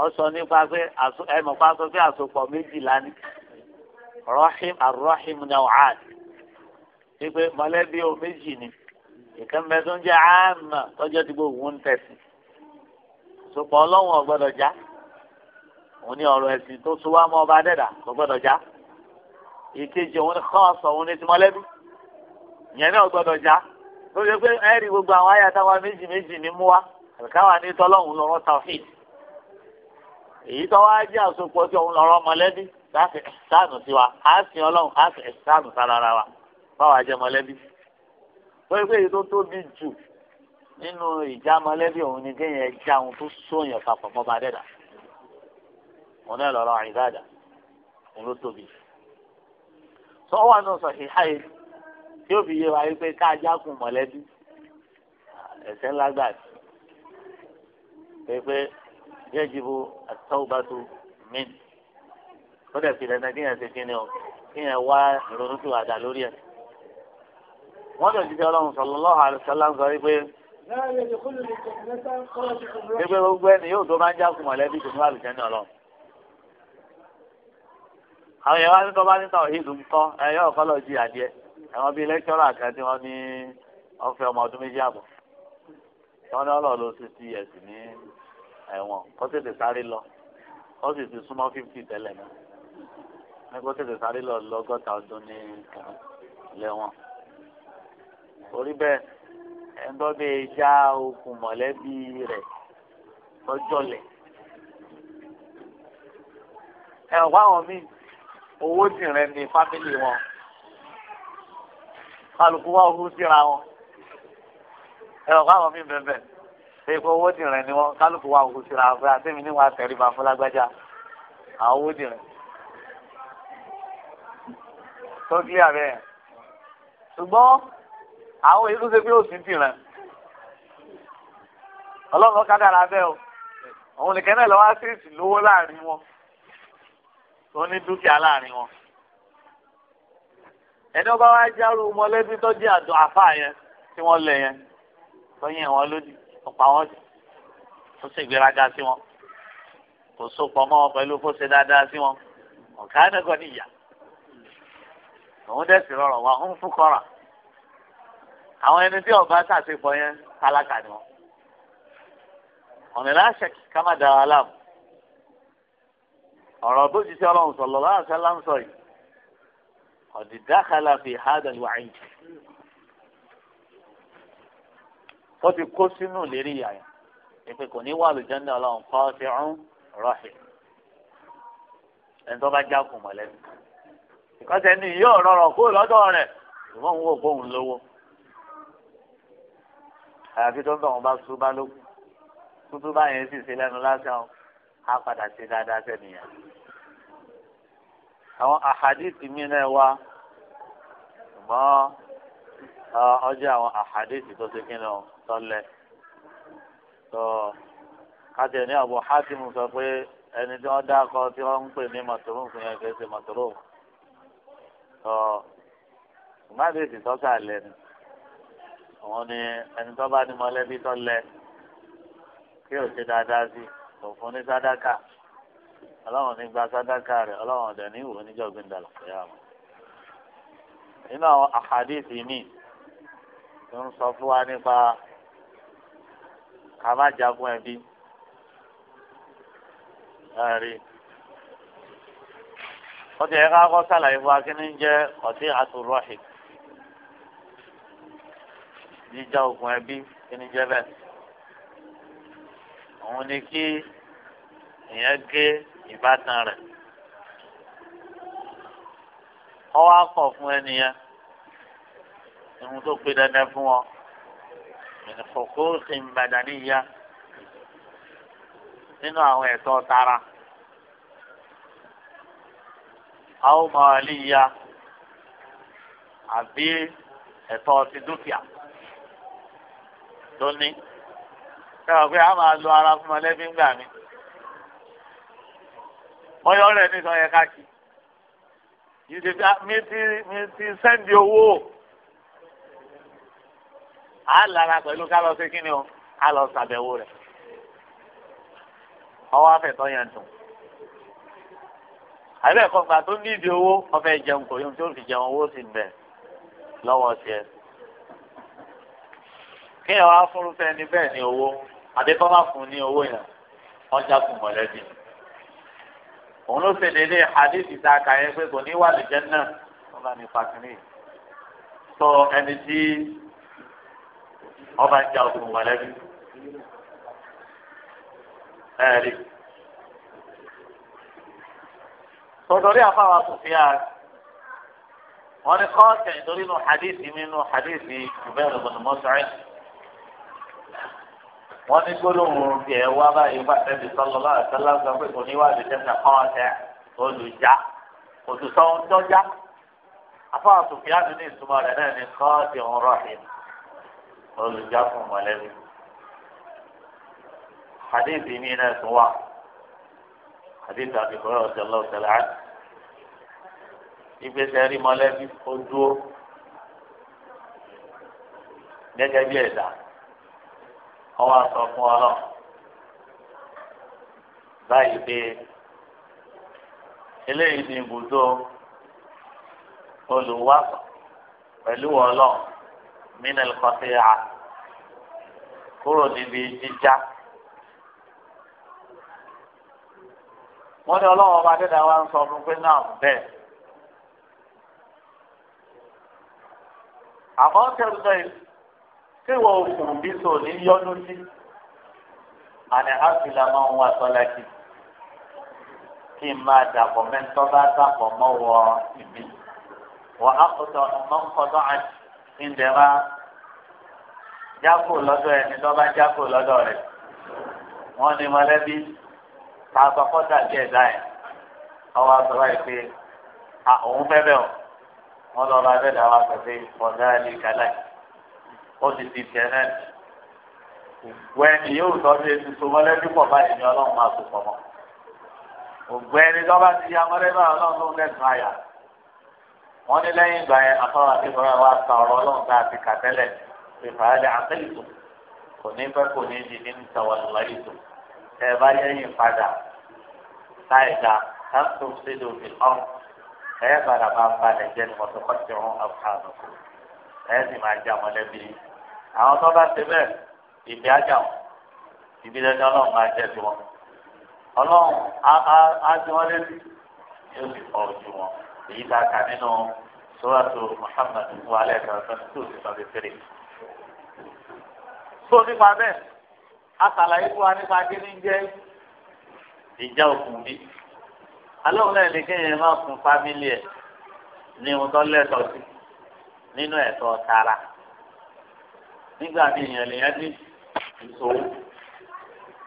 wọ́n sọ nípa pé ẹ̀mọ̀ pa sọ pé àsopọ̀ méjìlá ni rọ́hìm àrọ́hìm náà wàhán wípé mọ̀lẹ́bí o méjì ni ìkẹ́mbẹ́ tó ń jẹ́ àmà tọ́jọ́ tí gbogbo ń tẹ̀sí sopọ̀ ọlọ́run ọ̀gbọ́dọ̀ já òun ní ọ̀rọ̀ ẹ̀sìn tó so wá mọ́ ọba dẹ́dà ọ̀gbọ́dọ̀ já ìkejì òun ní kọ́ọ̀sọ̀ òun ní ti mọ̀lẹ́bí ìyẹn náà ọ̀gbọ́dọ̀ já ló ṣe pé ẹ̀rí gbogbo àwọn àyàtàwọn méjì méjì ní mú wa àbíkáwà ní tọ́lọ́run lọ́rọ́ tàwíìdì èyí tó wá jẹ́ àsopọ̀ tí òun lọ́rọ́ mọ̀lẹ́bí láti ẹ̀sánù sí wa á sin ọlọ́run á sin ẹ̀sánù sára wa báwa jẹ́ mọ̀lẹ́bí. wọ́n pé èyí tó tóbi jù nínú ìjà mọ̀lẹ́bí òun ni kéèyàn já òun tó sóyàn papọ̀ mọ́ bá dẹ́dà òun náà lọ́rọ́ àìdáàdà òun ló tóbi. sọ wà náà sọ ìháyé tí ó fi yé wa wípé ká jákun mọ̀lẹ́bí ẹ̀sẹ̀ ńlá gbà pé pé yẹ́jìbò àtọ́wọ́bátò mí. ó dẹ̀ fi dandan kí yẹn ṣe kí ni o kí yẹn wá ìrònú tó àdá lórí ẹ̀. wọ́n lè jíjẹ́ ọlọ́run sallallahu alaihi wasallam sọ wípé. gbégbé gbogbo ẹni yóò tó máa ń jákùn mọ̀lẹ́bí tó ní àlùjẹ́ ní ọlọ́run. àwọn yẹn wá ní tọ́ bá ní tàwọn ìlú ń kọ́ ẹ̀yọ́ ọ̀kọ́ lọ jí adìẹ àwọn bíi lẹ́kítọ́rọ̀ àkàtì wọn ní ọ̀fẹ́ ọmọ ọdún méjì àbọ̀. wọ́n ọlọ́ọ̀ ló ti ti ẹ̀sìn ní ẹ̀wọ̀n kó tètè sáré lọ kó sì ti súnmọ́ fífì tẹ́lẹ̀ náà ní kó tètè sáré lọ lọ́gọ́ta ọdún ní lẹ́wọ̀n. orí bẹ́ẹ̀ ẹ̀ bí já okùn mọ̀lẹ́bí rẹ̀ tọ́jọ́lẹ̀. ẹ ò wá wọn míì owó tìrẹ ní fámìlì wọn kálukú wá owó síra wọn ẹ ò wá wọn míì bẹ́ẹ̀ bẹ́ẹ̀ ṣe kó owó dìrín ni wọn kálukú wa òkú síra afẹ́ àtẹ́mi ní wọn àtẹ̀rí máa fún lágbájá àwọn owó dìrín. tó kílíà bẹ́ẹ̀ ṣùgbọ́n àwọn èyí tó ṣe pé òsì dìrín ọlọ́run ká dára bẹ́ẹ̀ o òun nìkan náà lọ́wọ́ àṣírísì lówó láàrin wọn tó ní dúkìá láàrin wọn ẹni ọba wa járù mọ̀lẹ́bí tó jẹ́ àdó àfáà yẹn tí wọ́n lẹ̀ yẹn tó yẹn wọn lódì pa wọ́n jù ó sì gbéraga sí wọn kò sopọ̀ mọ́ wọn pẹ̀lú kó ṣe dáadáa sí wọn ọ̀gá ẹ̀dẹ́gọ́ níyà òun dẹ̀sí rọrọ̀ wá ń fún kọ́ra àwọn ẹni tí ọba ṣàṣepọ̀ yẹn tálákà ni wọn ọ̀nà láṣẹ ká má dára láàmú ọ̀rọ̀ tó ti ṣe ọlọ́run sọ̀lọ́ láàṣẹ láǹsọ̀ yìí ọ̀dìdákàlà fi hádàlú àyìn wọ́n ti kó sínú lérí ìyá yẹn ìpè kò ní wà lùjẹ́ndà ọlọ́run kọ́ ti ń rọ̀hìn ẹni tó bá jákun mọ̀lẹ́bí ìkọ́sẹ̀ ni yóò rọrọ̀ kó lọ́dọ̀ rẹ̀ ìwọ́n ń wò bóun lówó àyàfi tó ń bọ̀ wọn bá súbá lókun tútú báyẹn sì ṣe lẹ́nu lásán á padà ṣe dáadáa sẹ́niyàn àwọn àhàdìsì mi náà wá ṣùgbọ́n ọjọ́ àwọn àhàdìsì tó ṣe kí náà tọ́lẹ̀ tó kájẹ ní Abu Hatim sọ pé ẹni tí wọ́n dákọ tí wọ́n ń pè ní mọ̀tòrò fún yẹn kìí ṣe mọ̀tòrò tó ìmáàdì sì tọ́ka lẹ́nu òun ni ẹni tó bá ní mọ̀lẹ́bí tọ́lẹ̀ kí o ṣe dáadáa sí òfin ní sádàkà ọlọ́run ní gba sádàkà rẹ̀ ọlọ́run ọ̀dẹ̀ ní ìwò níjọ́gbìn dàlọ́ pẹ̀lú àwọn. nínú àwọn àhàdìsì míì tó ń sọ fún wa nípa ká má jagun ẹbí ẹ̀rí wọ́n ti ẹ̀ka kọ́ sàlàyé fún akínní jẹ́ ọ̀tí àtúrọ̀hì jíjà ogun ẹbí kínní jẹ́ bẹ́ẹ̀ òun ni kí ìyẹn gé ìbátan rẹ̀ ọ wá kọ̀ fún ẹnìyẹn ohun tó pe dandan fún wọn. من badaniyya nínú إنه ẹ̀tọ́ tara aw maliyya àbí ẹ̀tọ́ ti dúkìá tó ní ẹ̀rọ pé a máa lo ara fún ọlẹ́bí ń gbà mí mọ́yọ́ rẹ̀ nìkan yẹ ká kí yìí ti sẹ́ndì owó á lára pẹ̀lú ká lọ sí kí ni o á lọ sàbẹ̀wò rẹ̀ ọwọ́ afẹ́tọ́ yẹn dùn. àbẹ̀ kọ̀ǹgbà tó ní ìdí owó ọfẹ́ jẹun kò yóò tó fi jẹun owó sì bẹ̀ lọ́wọ́ tiẹ̀. kí ẹ̀ wá fúnrúfẹ́ ni bẹ́ẹ̀ ni owó àbí kọ́ má fún ní owó yẹn ọjà kù mọ̀lẹ́bí. òun ló ṣèlè lé àdéhùn ìta kàyẹ́ pé kò ní wà lè náà wọ́n bá ní fàkìrì. sọ ẹni tí ọba ń ja ogun mọ̀lẹ́bí ẹ̀rí. tòdòrí àfáwà sòfíà wọn ni kọ́ọ̀kẹ́ nítorí nù hadithi mi nù hadithi Jubair ibn Mut'im wọn ní gbólóhùn tiẹ̀ wá báyìí bá ẹbí sallallahu alaihi wasallam sọ pé kò ní wá lè tẹ́sán kọ́ọ̀kẹ́ olùjá òtútọ́ ń tọ́já àfáwà sòfíà ní ìtumọ̀ rẹ̀ náà ni kọ́ọ̀kẹ́ ń rọ̀ hìn olùjáfún mọ̀lẹ́bí hadithi mi náà tún wà hadithi àbíkọ́rọ̀ ọ̀sẹ̀lọ́ ọ̀sẹ̀lá ìgbésẹ̀ rí mọ̀lẹ́bí ó dúró gẹ́gẹ́ bí ẹ̀dá ọwọ́ àtọ̀ fún ọ náà báyìí pé eléyìí ni ibùdó olùwà pẹ̀lú ọlọ́ọ̀ mínà lọ́kọ́tẹ́yà kúrò níbi jíjá. wọ́n ní ọlọ́run ọba dẹ́dà wa ń sọ fún pé náà bẹ́ẹ̀. àmọ́ tẹ̀lé náà tí wọ́n kùn bí sò ní yọ́nú sí àní àfìlà máa ń wá sọ́lákì kí n máa dàpọ̀ mẹ́tọ́ bá dàpọ̀ mọ́ wọ ìbí. wọ́n á kọ́tọ̀ mọ́ ń kọ́tọ̀ àti jákò lọ́dọ̀ ẹni tó bá jákò lọ́dọ̀ rẹ̀ wọ́n ní mọ̀lẹ́bí ta sọkọ́tà díẹ̀ dáẹ̀ ọwọ́ àtọ́wá yìí pé òun fẹ́ bẹ́ẹ̀ o wọ́n lọ ra bẹ́ẹ̀ dáwọ́ àtọ́fẹ́ ọ̀dà ẹni kálẹ̀ ó ti di tiẹ̀ náà wẹ́ẹ̀ni yóò tọ́jú ètò tó mọ̀lẹ́bí pọ̀ báyìí ni ọlọ́run máa tó pọ̀ mọ́ ògbẹ́ni tó bá ti ya mọ̀lẹ́bí ọlọ́run ló ń ìfàlẹ àtẹlẹtò kò ní bẹ kò ní di ní tawàlúwàlẹtò ẹ bá yẹ̀yìn padà láì dá láti ṣe lòdì ọrùn ẹ padà bá balẹ̀ jẹ́ ní mọ̀tòkọ́tì ọ̀hún àbùkù ẹ sì máa já mọ̀lẹ́bí àwọn tó bá ti bẹ́ẹ̀ ìbí ajá wọn ìbí lẹ́jọ́ ọlọ́run máa jẹ́ tiwọn ọlọ́run á ti wọ́n létí yóò sì kọ́ ojú wọn èyí tá kà nínú sóràtò Muhammad wàhálà ẹ̀ka ọ̀sán tó ti sọ fẹ́fẹ́rẹ́ tó nípa bẹ́ẹ̀ asàlàyé fún wa nípa kíní jẹ́ ìjà òkun bí alóhùn náà ní kéèyàn máa fún fámílì ẹ̀ ní ohun tó lẹ́tọ̀ọ́ sí nínú ẹ̀tọ́ tara nígbà tí èèyàn lè yẹn ní ìṣòro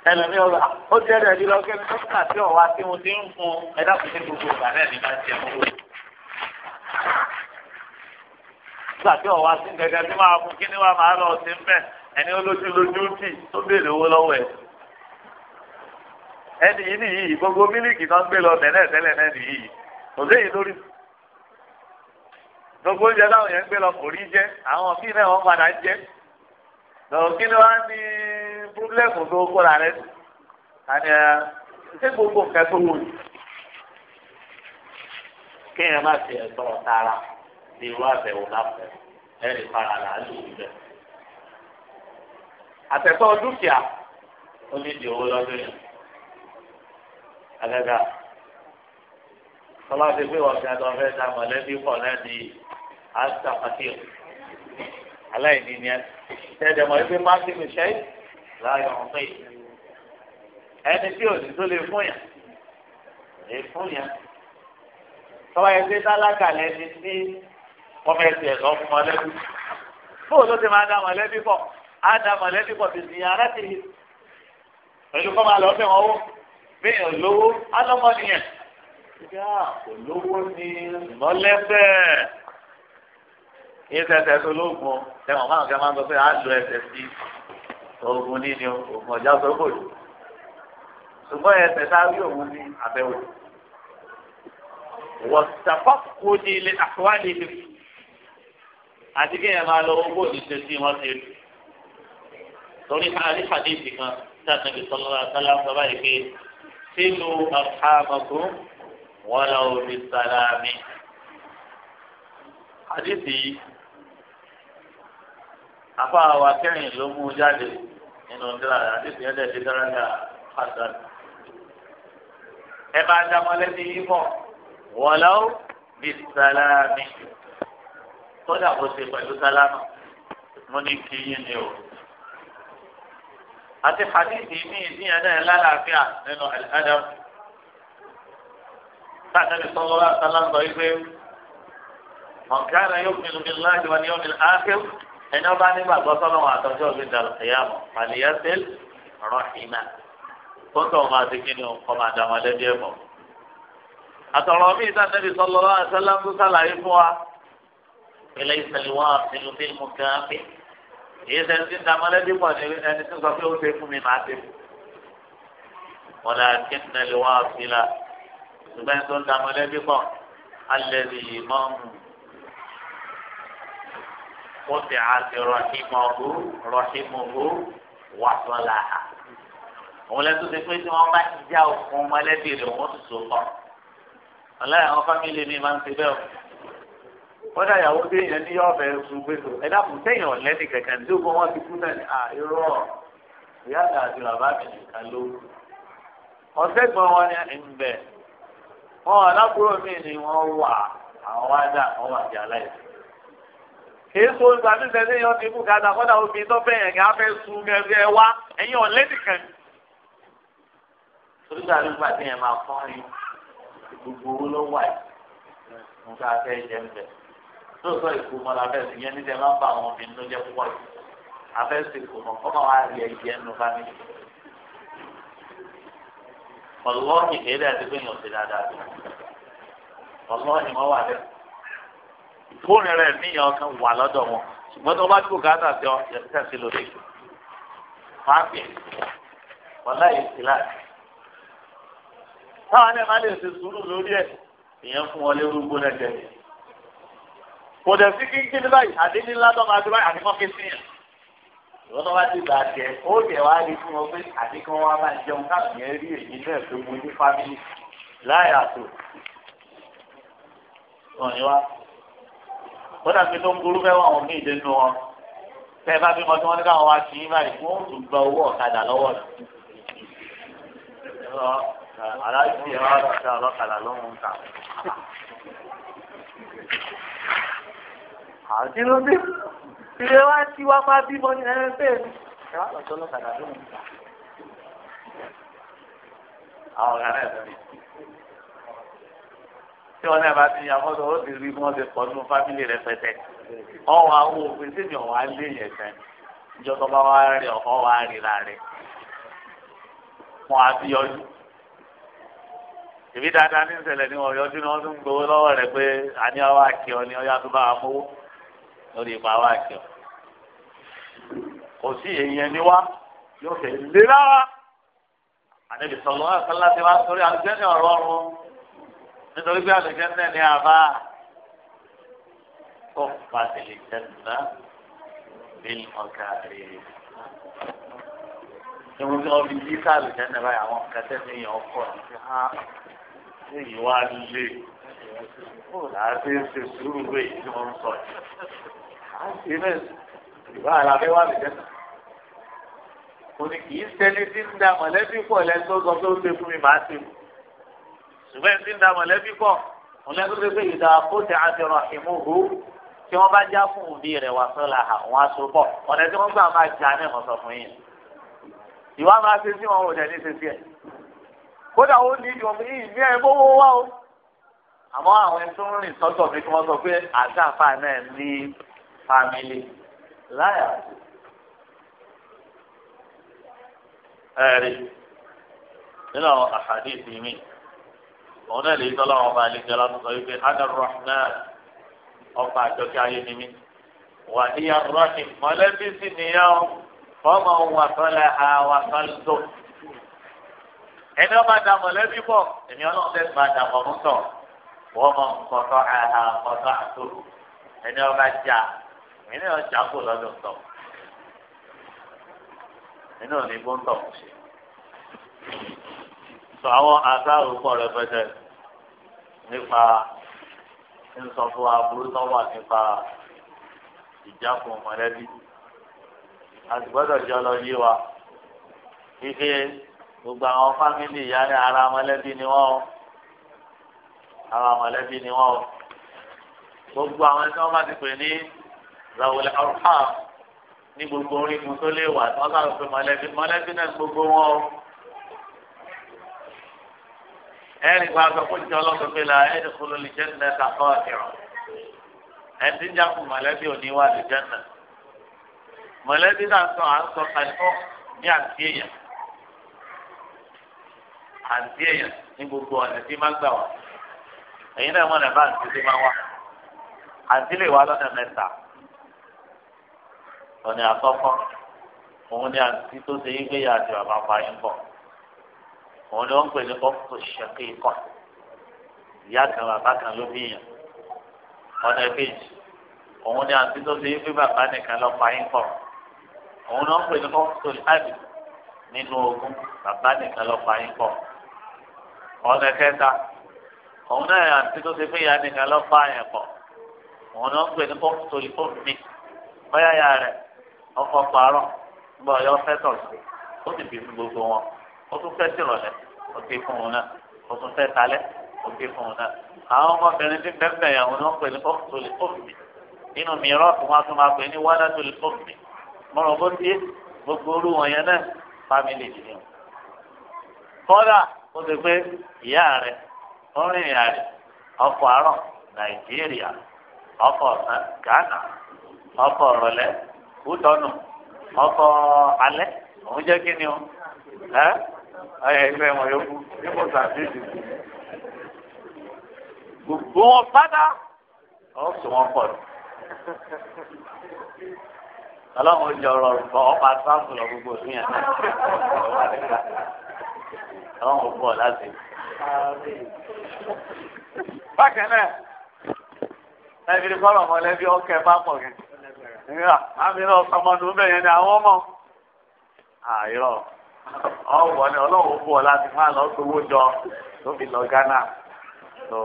ẹlòmíì ọ̀rọ̀ ó ah, jẹ́rìí ẹ̀dí lọ kẹ́mi tó kà sí ọ̀wá tí mo ti ń fún ẹ̀dá kùtì gbogbo ìgbà náà ní bá ti ẹ̀ mú nígbà tí ọ̀wá sí gẹ́gẹ́ bí máa fún kíní wa máa lọ sí ń bẹ́ẹ̀ ẹni olójúlójú tì tó béèrè owó lọ́wọ́ ẹ̀ ẹni yìí nìyí gbogbo mílíkì náà ń gbé lọ tẹ́lẹ̀ tẹ́lẹ̀ náà nìyí kò séyìí lórí gbogbo oúnjẹ táwọn yẹn ń gbé lọ kò rí jẹ àwọn kí náà wọn padà jẹ lọ kí ni wọn ní pírọblẹmù tó kóra rẹ àti eh, ṣé gbogbo nǹkan tó wù kéèyàn má ṣe ẹ̀tọ́ tààrà ní irú àbẹ̀wò láfẹ ẹnì para là á lò wí bẹ́ẹ̀ àtẹ̀tọ́ dúkìá ó ní di owó lọ́dún yìí àgàgà tọ́lá ti pé wọ́n fi àtọ́ fẹ́ ta mọ̀lẹ́bí pọ̀ náà di àtàkàtìr aláìní ni ẹ tẹ́lẹ̀ mọ̀ wípé má sí mi ṣe é láàyò ọ̀pẹ́ ẹni tí ò ní tó lè fún yàn lè fún yàn tọ́wọ́ yẹn pé tálákà lẹ́ni tí wọ́n fẹ́ tiẹ̀ lọ́ fún mọ̀lẹ́bí fóònù ti máa dá mọ̀lẹ́bí pọ̀ ada mọ̀lẹ́bí pọ̀ bìsì yàrá ti hì pẹ̀lú kọ́ máa lọ fẹ́ wọn wó bẹ́ẹ̀ olówó alọ́mọ nìyẹn ìyá olówó ni ìmọ̀lẹ́fẹ́ yín tẹ̀tẹ̀ tó lóògùn tẹ̀wọ̀n máa ń kẹ́ máa ń sọ pé àlọ́ ẹsẹ̀ sí oògùn nínú oògùn ọ̀já sọ pé òjò ṣùgbọ́n ẹsẹ̀ tá a rí òun ní abẹ́wò wọ̀sàpọ̀ kò ní ilé àfọwádìí ni àti kí ẹ̀ máa lọ owó ìṣesí wọn ti rí torí àrí hadith kan sáà nàbì sọlọ́lá sálá sọ báyìí pé sínú àhámakú wọn lọ òbí sálámì. hadith yìí afọ àwọn akẹ́yìn ló mú jáde nínú ìdílé hadith yẹn dẹ̀ ti dára ní àhàdà. ẹ bá dámọ́lẹ́sí yìí mọ̀ wọn lọ òbí sálámì. kódà kó ṣe pẹ̀lú sálámà mo ní kí yín ni o àti hadithi mi ìdíyàn náà lálàáfíà nínú al-adab sáàtẹ́lẹ̀ sọ́wọ́ sálásọ ìgbé ọ̀nkárẹ̀ yóò fi lùmí láti wà ní ọ̀mí ákẹ́ ẹni ọba nígbà tó sọ́nà wà àtọ́jú ọ̀gbìn dàrú ẹ̀yàmọ̀ àlìyásẹ́l rọ̀hìnà tó ń tọ́wọ́ máa ti kí ni lẹ́bí ẹ̀mọ́. àtọ̀rọ̀ mi sáàtẹ́lẹ̀ sọ́wọ́ sálásọ sálàyé fún wa èyí sẹ́ni tí ń ta mọ́lẹ́bí pọ̀ ní ẹni tí ń sọ pé ó ṣe fún mi máa ṣe fún wọn là kí n lè wá sí la ṣùgbọ́n tó ń ta mọ́lẹ́bí pọ̀ alẹ́ lè mọ́ ó ti àti rọ̀ṣìmọ̀hó rọ̀ṣìmọ̀hó wà sọ́la òun lẹ́tọ́ ti pé tí wọ́n bá ti já òkun mọ́lẹ́bí rẹ̀ wọ́n ti sọ pọ̀ ọ̀la àwọn fámìlì mi máa ń ṣe bẹ́ẹ̀ o kọ́dà ìyàwó tí èèyàn ní yọ ọ̀fẹ́ sùn pé tó ẹ dákun sẹ́yìn ọ̀lẹ́ ní kẹ̀kẹ́ ní ogun wọn ti kú náà ní àìrọ̀ ìyá àti bàbá mi nìkan ló kù. ọ̀sẹ̀ gbọ́n wọn ni ǹbẹ̀ wọn alákùúrò mi ni wọ́n wà àwọn wá dà wọ́n wà sí aláìsí. kìí so ìgbà mi sẹ́ni yọ ti kú kàdà kọ́dà obìnrin tó fẹ́ yẹn kí á fẹ́ sun gẹ́gẹ́ wá ẹ̀yìn lóòótọ́ ìkú mọ́ la fẹ́ẹ́ sìn yẹn níta máa ń bá àwọn obìnrin ló jẹ́ púpọ̀ yìí afẹ́ẹ́ sìn kú mọ́ kọ́mọ́ wa rí ẹ̀jẹ̀ ẹnu bá mi. ọlọ́ọ̀hìn kéde àti pé èèyàn ti dáadáa bí ọlọ́ọ̀hìn wọ́n wà lẹ́ fóònù rẹ̀ níyàn kan wà lọ́dọ̀ wọn ṣùgbọ́n tó bá dúró káàtà sí ọ yẹ tẹ̀sí lórí fáàpì wọlé ìsìlá táwọn ẹ̀ má lè ṣe sùúrù lórí ẹ̀ kò dẹ̀ sí kíkí ní báyìí àdínní ńlá tó máa ti báyìí àdínkàn ké sí yẹn. ìwọ́n tó bá ti gbà jẹ́ ó jẹ́ wá rí fún wọn pé àdínkàn wa máa jẹun káàkiri yẹn rí èyí náà tó mu ní fámìlì láyà tó. ọ̀nì wa wọ́n dàbí tó ń burú fẹ́ wọn àwọn míì dé nù wọn. bẹ́ẹ̀ bá bímọ tí wọ́n ní káwọn wá sí í báyìí wọ́n tún gba owó ọ̀kadà lọ́wọ́ rẹ̀. aláìsí ẹ̀rọ àti ló dé ilé wa ti wá máa bímọ ní ẹ̀rẹ́ bẹ́ẹ̀ ni ẹ wá lọ́sọ lọ́kadà ló ń gbà. àwọn ọ̀gá náà lórí tí wọn náà bá ti yan fọ́tò ó ti rí bí wọ́n ti pọ̀ nínú fámìlì rẹpẹtẹ ọ̀hún àwọn òfin sí mi ọ̀hún á lé yẹn sẹ́yìn ìjọba bá wá rí ọ̀hún wá rí láàrin wọn á fi yọjú ìbí dáadáa ní ìṣẹ̀lẹ̀ ni wọ́n yọjú ni wọ́n tún gbowó lọ́wọ́ rẹ̀ pé àní ọwọ́ àkíọ́ ni ọyá tó bá wà mọ́wọ́ lórí ipa wa kẹ kò sí èèyàn ni wá yóò fẹ́ lé rárá àdébí sọlọ ọsọlá ti wá sórí àlùjẹni ọ̀rọ̀ ọ̀run nítorí pé àlùjẹni náà ní àbá tó pàtẹlẹ jẹnìlá bíi ọkà rèé ìwọ ní ọbí yìí ká àlùjẹni báyìí àwọn kẹtẹ ní ìyàn ọkọ ní ha èyí wá lé kó làá ṣe ń ṣe sùúrù wéyí wọn sọ yìí àṣìlẹ̀ ìwà àlàfẹ́ wà nìjẹ́ kò ní kì í sẹ́ni tí ń da mọ̀lẹ́bí pọ̀ lẹ́nu tó sọ pé ó ṣe fún mi màá ṣe ṣùgbọ́n tí ń da mọ̀lẹ́bí pọ̀ mọ̀lẹ́bí tó ṣe pé ìdá àkóṣe àti ìmúhu tí wọ́n bá já fún òbí rẹ̀ wá sọ́la àwọn aṣọ pọ̀ ọ̀nà tí wọ́n gbà máa jà náà mọ̀ fún yín ìwà máa ṣe sí wọn ò dẹ̀ ní ṣe sí ẹ̀ kódà ó ní ìdí omi yìí ní ẹ wá o àmọ́ àwọn ẹni fámìlì láyà ẹ̀rí nínú àwọn àhàdìsì mi òun náà lè tọ́lá àwọn ọba àlejò aláàtúntò yìí pé hannah rahman ọba àjọkẹ́ ayé ni mí wà níyà rahim mọ̀lẹ́bí sì níyà fọmọ wàtọ́lẹ̀ ha wàtọ́lẹ̀ ẹni ọba da mọ̀lẹ́bí pọ̀ èmi ọlọ́run tẹ́sí máa dà pọ̀ mọ́tọ̀ wọ́n mọ̀ kọ́tọ́ àhà kọ́tọ́ àtò ẹni ọba jà ẹni ọjà kò lọ́dọ̀ tọ̀ ẹni ò ní bó ń tọ̀ ṣe sọ àwọn àtàrò pọ̀ rẹpẹtẹ nípa nsọ fún aburú tó wà nípa ìjákun mọ̀lẹ́bí àti gbọ́dọ̀ jọ lọ yé wa ike gbogbo àwọn fámìlì ìyá ní ara mọ̀lẹ́bí ni wọ́n ara mọ̀lẹ́bí ni wọ́n gbogbo àwọn ẹni tí wọ́n bá ti pè ní zawulẹ̀ arham ní gbogbo orígun tó lè wà wọ́n sáré pé mọ̀lẹ́bí mọ̀lẹ́bí náà gbogbo wọn o. ẹ̀rí gba sọ fún ìjọ ọlọ́sọ pé la ẹ̀rí kúló lè jẹ́ nà ẹ̀ka kọ́ ọ̀tìrọ̀ ẹ̀rí tí ń jà fún mọ̀lẹ́bí òní wà lè jẹ́ nà. mọ̀lẹ́bí náà sọ à ń sọ kàlífọ́ ní àǹtí èèyàn àǹtí èèyàn ní gbogbo ọ̀nà tí máa gbà wá ẹ̀yin náà mọ̀ nà bá àǹtí tí máa wá àǹtí lè wá lọ́nà mẹ́ta ọ̀nà àkọ́kọ́ òun ni àti tó ṣe yín pé yà àti bàbá parí ń bọ̀ òun ni wọ́n ń pè ní ọ̀pọ̀ ṣẹ̀kẹ́ ikọ̀ ìyá kan bàbá kan ló bí yàn ọ̀nà kejì òun ni àti tó ṣe yín bàbá nìkan lọ parí ń bọ̀ òun ni wọ́n ń pè ní ọ̀pọ̀ ṣáàbì nínú ogún bàbá nìkan lọ parí ń bọ̀ ọ̀nà kẹta òun náà àti tó ṣe pé yà nìkan lọ parí ń bọ̀ òun ni wọ́n ń pè ní ọ̀pọ̀ ṣòlì ọkọ parọ́ gbọ́ ọyọ fẹ́tọ̀ sí ó sì fún gbogbo wọn ó tún fẹ́ tìrọ̀lẹ́ ó ké fún wọn náà ó tún fẹ́ talẹ́ ó ké fún wọn náà àwọn ọmọbìnrin tí bẹ́ẹ̀ yẹn wọn ń pè nínú mìíràn tún máa pè ní bó ti gbogbo orú wọn yẹn náà fámìlì nìyẹn kọ́dà ó ti pé ìyá orin ìyá ọkọ̀ àárọ̀ nàìjíríà ọkọ̀ ghana kú tọ́nu ọkọ̀ alẹ́ òun jẹ́ kí ni o ẹ ẹ ẹgbẹ́ wọn yóò kú nípò sàbíìsì gbogbo wọn pátá ọ sùn wọn pọ̀ lọ. ọlọ́run ó jẹ ọ̀rọ̀ ọ̀rọ̀ ọ̀pá sáàsù lọ gbogbo sí yẹn ọlọ́run ó pọ̀ láti. bákan náà ẹ̀fìrí kọ́rọ̀ mọ́lẹ́bí ọkẹ́ bá pọ̀ kẹ́kẹ́ àmì náà bú ọ láti máa lọ sówó jọ tó fi lọ Ghana tó.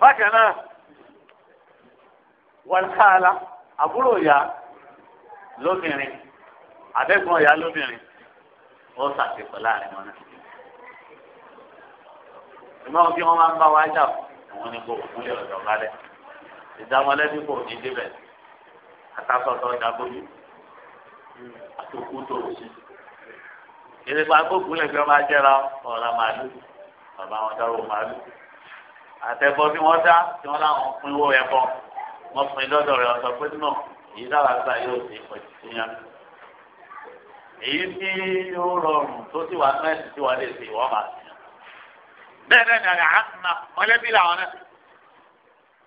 bákan náà wàlhálà àbúrò ìyá lóbìnrin àbẹ́gbọ́n ìyá lóbìnrin ó ṣàtìpọ̀ láàrin wọn náà. ìmọ̀ bí wọ́n máa ń bá wa jà ni kò kúlẹ̀ ọ̀dọ̀ balẹ̀ ìdámọ́lẹ́bí kò ní débẹ̀ sí àtàkọ̀tọ̀ ìdàbòjú àtòkù tó o sí. ìrìnkà gbogbo lẹ́gbẹ̀ẹ́ ọba jẹ́ra ọ̀la màálù bàbá wọn dárò màálù. àtẹ̀bọ tí wọ́n dá tí wọ́n láwọn pinwó ẹ̀bọ wọ́n pin lọ́dọ̀ rẹ̀ ọ̀sọ̀ pé náà èyí dára gba yóò ṣe pẹ̀lú síyan. èyí tí ó rọrùn tó sì wà náà sì wà lè ṣe ìwọ́n màá síyan. bẹ́ẹ̀ náà ni àná mọ̀lẹ́bí làwọn náà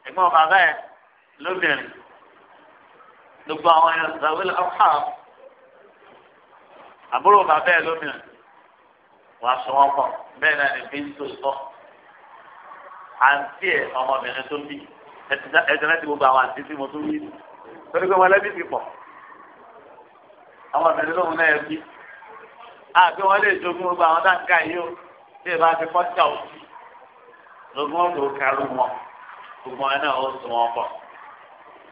ẹ̀gbọ́n bàbá ẹ̀ lóbìnrin gbogbo àwọn ẹran zawil arham àbúrò bàbá ẹ lómi wàá sọ wọn pọ̀ bẹ́ẹ̀ náà ní bí ń tó sọ àǹtí ẹ ọmọbìnrin tó bí ẹtì láti gbogbo àwọn àǹtí tí mo tún yí torí pé wọn lẹbi ti pọ̀ àwọn lóhun náà bí àbí wọn lè jogún gbogbo àwọn táǹkà yìí ó tí ì bá ti kọ́ jà lógún ọ̀dọ̀ kárú wọn gbogbo ẹ náà ó sọ wọn pọ̀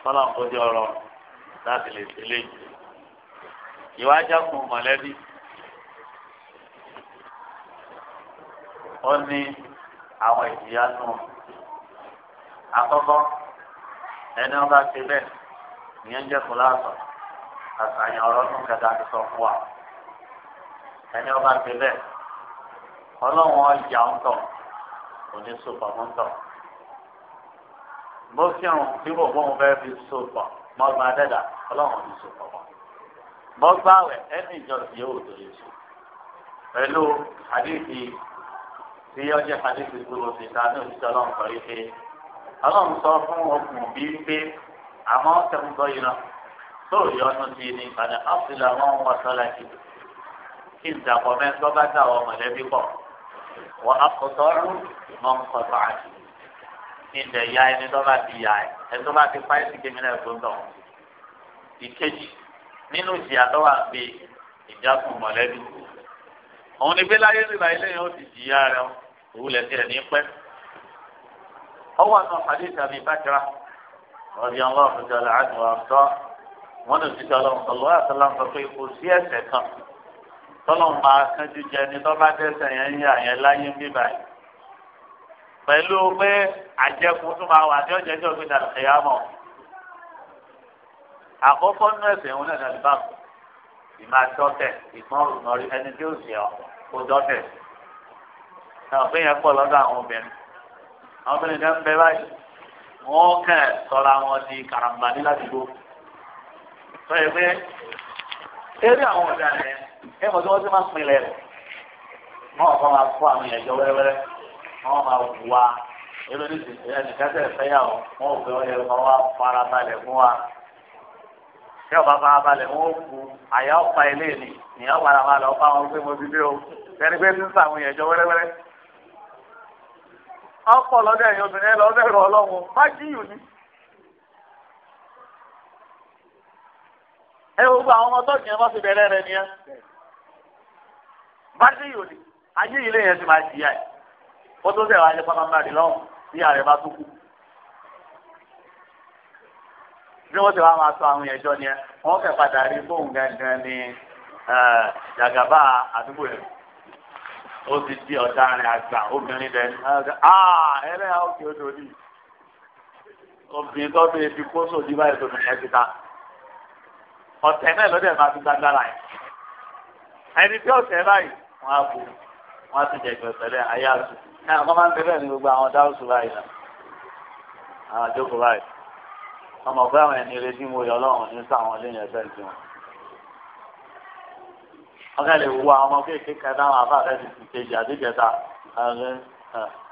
fọlọ́n kó jẹ́ ọ̀rọ̀ láti lè ṣe léyìí ìwájà kun mọ̀lẹ́bí ó ní àwọn ìjìyà nù àkọ́kọ́ ẹni ọba ti bẹ́ẹ̀ ìyẹn jẹ́ kóláàtọ̀ àtàyàn ọ̀rọ̀ nù kẹta ti sọ fún wa ẹni ọba ti bẹ́ẹ̀ ọlọ́run ọjà ń tọ̀ òní sopọ̀ ń tọ̀ bó kírun bí bòbóun fẹ́ fi sopọ̀ mọ́ máa dẹ́dà ọlọ́run ti so pọ̀ mọ́ gbàwẹ̀ ẹni ìjọsìn yóò tó lè so pẹ̀lú àdéhì tí ọjọ́ àdéhì gbogbo ti ta ní òṣìṣẹ́ ọlọ́run sọ yìí pé ọlọ́run sọ fún ọkùnrin bíi pé àmọ́ sẹ́kùn gbọ́ yìí náà tó yọ ọdún sí ni ìpàdé ọ́fìlà wọn ń wọ́n kí kí n dàpọ̀ mẹ́tọ́ bá dà wọ́n mọ̀lẹ́bí pọ̀ wọ́n akọ̀tọ́ ọ̀rùn mọ́ ń àti ilẹ̀ ya ẹni tó bá ti yà ẹ ẹni tó bá ti pa ẹsì kémi náà tó dàn ìkejì nínú ìjìyà tó wà pé ìjákù mọ̀lẹ́bí òun ni pé láyé rírà ilé yẹn ó ti jìyà rẹ òun lẹ tiẹ̀ ní pẹ́ ọwọ́ àwọn àdé tàbí bàtìrà ọ̀dì àwọn ọ̀fọ̀jọ̀lá àti ọ̀tọ́ wọn lè ti tọ́lọ́ ọ̀lọ́ àtọ́lá sọ pé kò sí ẹ̀ṣẹ̀ kan tọ́lọ́ máa kánjú jẹ ẹni tó bá dẹ́ṣẹ̀ yẹn ń yà yẹn láyé bíbáyìí pẹ̀lú pé àjẹkù tó máa wà ní ọjà ìjọ gbé dàrú ẹ̀yàmọ̀. àkọ́kọ́ nínú ẹ̀sẹ̀ òun náà dàbí báàkù ìmọ̀ àtọ́tẹ̀ ìgbọ́n òrùnmọ̀rí ẹni tí ó sì ọ́ kó dọ́tẹ̀. náà pé yẹn pọ̀ lọ́dọ̀ àwọn obìnrin. àwọn obìnrin kan bẹ báyìí wọ́n kàn sọ̀rọ̀ àwọn di karamba ní ládùúgbò. sọ yẹ pé eré àwọn ọ̀dà rẹ̀ ẹ̀ mọ̀ tí wọ́n ti máa pinlẹ̀ wọ́n kọ́ máa kó àwọn ìyẹ̀jọ́ wẹ́rẹ́wẹ́rẹ́ wọn máa wù wá irú ní ìsìnkú ẹnìkẹ́sẹ̀ fẹ́yàwó wọn ò fẹ́ wọn yẹ kọ́ wá fara balẹ̀ fún wa ọba fara balẹ̀ kú àyà ọ̀pá ilé ni ìyá padà máa lọ fáwọn pé mo ti dé o ẹni pé sísá àwọn èèyàn jọ wẹ́rẹ́wẹ́rẹ́ ọ̀pọ̀ ẹ̀yin obìnrin ẹ̀rọ ọlọ́run má ni. ẹ gbogbo àwọn ọmọ tọ́jú yẹn fi bẹ̀rẹ̀ má ni ayé ilé yẹn ti máa jìyà yìí. ó tó sẹ̀ wá ní pápá rẹ̀ lọ́wọ́ bí ààrẹ bá tó kú. bí wọ́n ti wá máa sọ àwọn ẹ̀jọ́ ni ẹ wọ́n fẹ́ padà rí fóun gangan ní jàgàbá àdúgbò rẹ̀ ó ti di ọ̀daràn àgbà obìnrin rẹ̀ ẹlẹ́yà òkè odò ni obìnrin tó fi fi kó sòdí báyìí tó fi ẹ̀ ta ọ̀tẹ̀ náà lọ́dẹ̀ máa fi gbàgbára yẹn ẹni tí ọ̀tẹ̀ báyìí wọ́n á bò ó wọ́n á ti jẹ ìgbẹ́ pẹ̀lẹ́ ayé àtù náà wọ́n máa ń tẹ́lẹ̀ ní gbogbo àwọn dáhùsù báyìí náà àwọn àjókòó báyìí ọmọ ọgbà àwọn ẹni retí mo yọ ọlọ́run ní sáwọn ilé yẹn fẹ́ẹ́ tiwọn. wọ́n kẹ́ lè wo àwọn ọmọ kéèkéé kan táwọn afáfẹ́ ti ti kejì àdéjẹta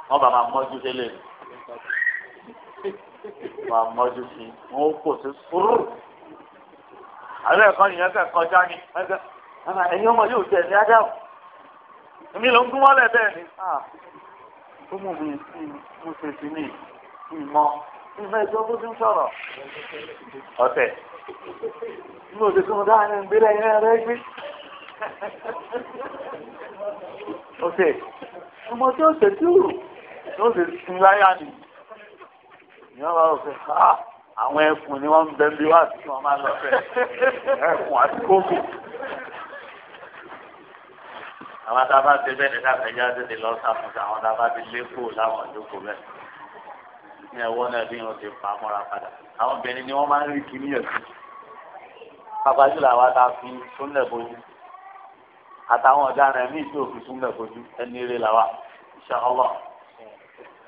wọ́n bá máa mọ́jú délé wà mọ́jú sí wọn ó kò sí fúrú. àlọ́ ẹ̀kọ́ nìyẹn fẹ́ kọjá ni ẹ̀yin ọmọ yóò jẹ ní ádámù èmi ló ń gún mọ́lẹ̀ bẹ́ẹ̀ ni tó mú mi sí mo ṣe sí ní ìmọ̀ ìmọ̀ ẹjọ́ bó ti ń sọ̀rọ̀ ọ̀tẹ̀ inú òde tó ń dá ní ìgbélé yẹn rẹ gbé ọ̀tẹ̀ ọmọ tí ó ṣe tí ó ló ṣe sin láyà ni ìyá bá rò pé àwọn ẹkùn ni wọ́n ń bẹ́ẹ̀ bí wá sí wọn máa lọ fẹ́ ẹkùn àti kókò àwọn adábá ti bẹ́ẹ̀ nígbà fẹ́jà tètè lọ sàkóso àwọn adábá ti lé kó láwọn ìjókòó bẹ́ẹ̀ ní ẹwọ́ náà bí wọ́n ti fà á mọ́ra padà àwọn obìnrin ni wọ́n máa ń rí kí níyàn sí pàpàjùlọ àwa ta fi súnlẹ̀ bójú àtàwọn ọ̀daràn míì tí òfin súnlẹ̀ bójú ẹni eré làwa insha Allah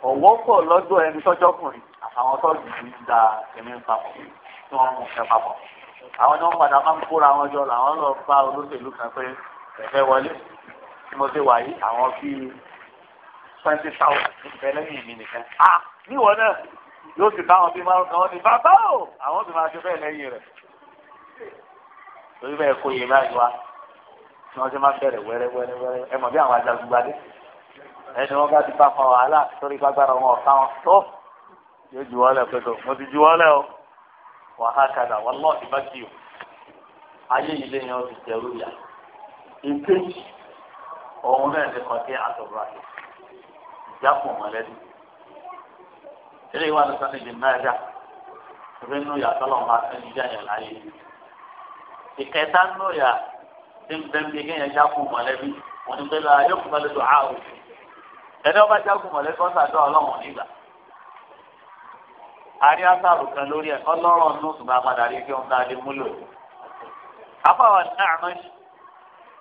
ọ̀wọ́ pọ̀ lọ́dọ̀ ẹni tọ́jọ́kùnrin àtàwọn tọ́jú ti da ẹ̀mí papọ̀ tí wọ́n mú ẹ papọ̀ àwọn ni wọ́n padà máa ń kóra tí mo ṣe wà yìí àwọn bíi twenty thousand bẹ lẹ́yìn mi nìkan. a níwọ̀n náà yóò sì bá àwọn bíi márùn kan wọ́n ní bàbá o àwọn sì máa ṣe bẹ́ẹ̀ lẹ́yìn rẹ̀. torí bẹ́ẹ̀ kó yẹ báyìí wá tí wọ́n ṣe máa bẹ̀rẹ̀ wẹ́rẹ́wẹ́rẹ́ ẹ mọ̀ bí àwọn ajagungbadé ẹni wọ́n bá ti bá pa wàhálà torí gbàgbára wọn ọ̀tá wọn tó yóò ju wọlé pẹ̀tọ̀ mo ti ju wọlé o wàhákàdà wàlọ́ọ̀dì bá kì í o ayé ilé yẹn ó ti jẹ́ rúyà ìkejì òun náà ti kọ́ sí àtọ̀rọ̀ àti ìjápọ̀ mọ̀lẹ́bí. eré wa ló sọ ní ìdìbò náà dá ìwé nù yàtọ̀ lọ́wọ́ máa fẹ́ níjà yẹn láàyè. ìkẹta nù yà ti ń bẹ́ bí kéèyàn jápọ̀ mọ̀lẹ́bí wọn ni pẹ̀lú ayọ́kùn bá lè dùn áwò. ẹni ọba jápọ̀ mọ̀lẹ́bí ọ̀sà dọ́ ọlọ́run nígbà. àrí àtàrò kan lórí ẹ̀ ọlọ́run nù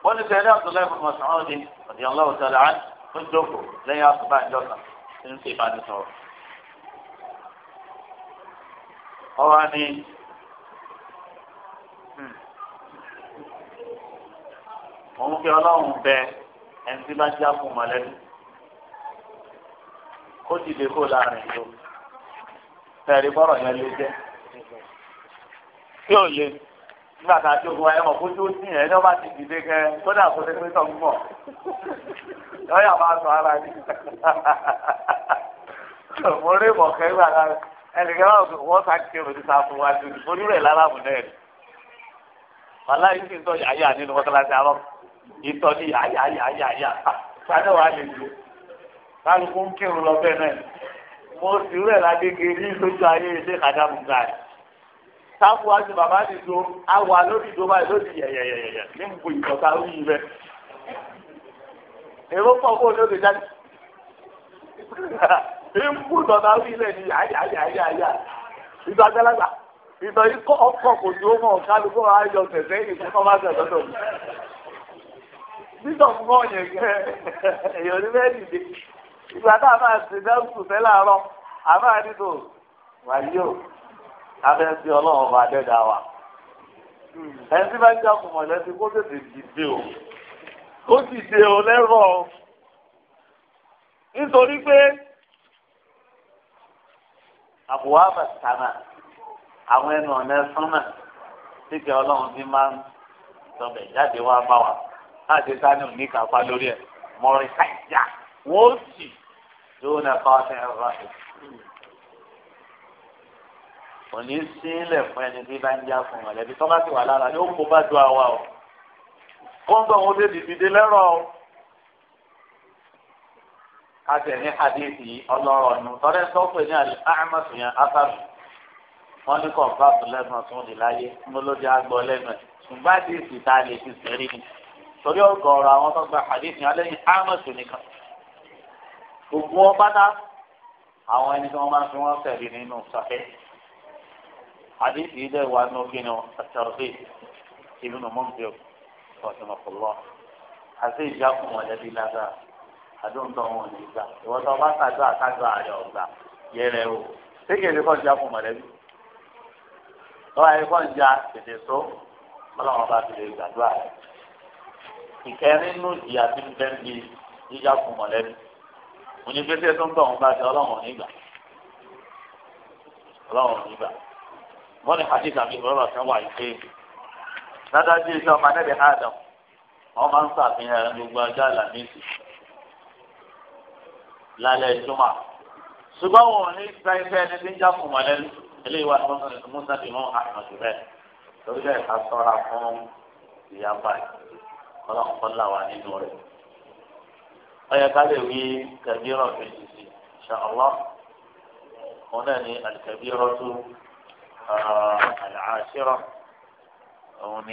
wọ́n ní sẹ́yìn abdullahi bin masoud radiyallahu ta'ala an tó jókòó lẹ́yìn àsùbá ìjọba tí ń ṣe ìbánisọ̀rọ̀. ọwọ́ ni òun hmm. fi ọlọ́run bẹ ẹni tí bá já fún mọ̀lẹ́bí ó ti lè kó láàrin ìlú tẹ̀rí bọ́rọ̀ yẹn ló jẹ́ yóò lè nígbà tá a ti ogun ẹ̀mọ̀ kó tó sìn ẹ̀ ní ọba ti dìde kẹ kódà kó tẹ́gbẹ́ tó ń bọ̀ lọ́yà máa sọ ara ní. mo rí mọ̀kẹ́ gbà lára ẹnìkan náà wọ́n sá kí ẹ̀rọ ti sá fún wa ju onírẹ̀ lára mú náà rí. wàhálà yìí sì ń tọ́jú àyà nínú mọ́tàlásí àrọ́ ìtọ́ ní àyà àyà àyà sáré wàá lè ju kálukú ń kírun lọ bẹ́ẹ̀ náà mo sì rẹ̀ ládé kiri lójú ayé ilé kàdámù gáàdì. táwọn wájú bàbá ti do awà lórí ìdó lórí yẹ̀yẹ̀yẹ̀yẹ̀ ní nǹkó ìtọ́ta ó yí bẹ́ẹ̀. èrò pọ̀ kó ló lè jáde. nǹkó ìtọ́ta ó yí lẹ̀ ní yáyáyáyá ìtọ́ àgbàlagbà ìtọ́ ikọ̀ ọkọ̀ kò ju ó mọ̀ tẹ̀sẹ̀ má lọ́dọ̀ mi. bísọ̀ fún ọ̀yẹ̀ gẹ́ ní bẹ́ẹ̀ dìde ìgbà fẹ́ láàárọ̀ abẹ́ sí ọlọ́run ọba adẹ́dá wa ẹni tí bá ń jákun mọ̀lẹ́sí kó tètè dìde o kó dìde o lẹ́rọ̀ o nítorí pé àbùwá bàtàmà àwọn ẹnu ọ̀nà sánmà síkẹ́ ọlọ́run ti máa ń sọbẹ̀ jáde wá bá wa láti sáré òní kápá lórí ẹ̀ mọ̀rìn káìjà wọ́n sì lóun náà kọ́ ọ́ sẹ́yìn rọ́ọ̀tì kò ní sílẹ̀ fún ẹni tí bá ń já fún mọ̀lẹ́bí tó bá ti wà lára yóò kó bá do àwa o ó ń bọ̀ wọn lè dìde lẹ́rọ̀ o kásẹ̀ ní hadithi ọlọ́rọ̀ nù tọ́lẹ̀ sọ́kùn ní àlè ahmed yẹn afáàmì wọn ní kàn bá tó lẹ́nu ọ̀tún ní láyé ní olóde àgbọ̀ lẹ́nu ẹ̀ ṣùgbọ́n hadithi tá a lè fi sẹ́rí ni torí ọgọ́rọ̀ àwọn tó gba hadithi yẹn lẹ́yìn ahmed nìkan gbogbo ọba àwọn ẹni tí wọ́n máa fi wọ́n sẹ̀rí nínú sọ́kẹ́tì. حديث إذا وأنه كان الترغيب ابن منذر رحمه الله حسين جاكم والذي لا ذا أدون دون إذا وطبعا كذا كذا على أوزا يلهو تيجي لكم جاكم والذي lọ́wọ́ ayé kọ́ ń ja tètè so ọlọ́run bá tètè gbàdúrà rẹ̀. ìkẹrin nù di àti bẹ́ẹ̀ni jíjà fún mọ̀lẹ́bí onígbésẹ̀ tó ń bọ̀ wọn bá tẹ ọlọ́run nígbà ọlọ́run nígbà wọ́n ní hadith àbí ìrọ̀rọ̀ kan wà yìí pé dádájú iṣẹ́ ọmọ anẹ́bẹ̀ adam wọ́n máa ń ṣàfihàn gbogbo ọjọ́ àlàmísì lálẹ́ ìjọba ṣùgbọ́n wọn ò ní gba iṣẹ́ ẹni tí ń já fún wọn lẹ́nu eléyìí wà fún musa bí wọn ahmed bẹ́ẹ̀ lórí bẹ́ẹ̀ ká sọ́ra fún ìyá báyìí kọ́lọ́kọ́lá wà nínú rẹ̀ ọyẹ ká lè wí kẹbí rọ̀ fèsì sí ṣàlọ́ آه، العاشرة أو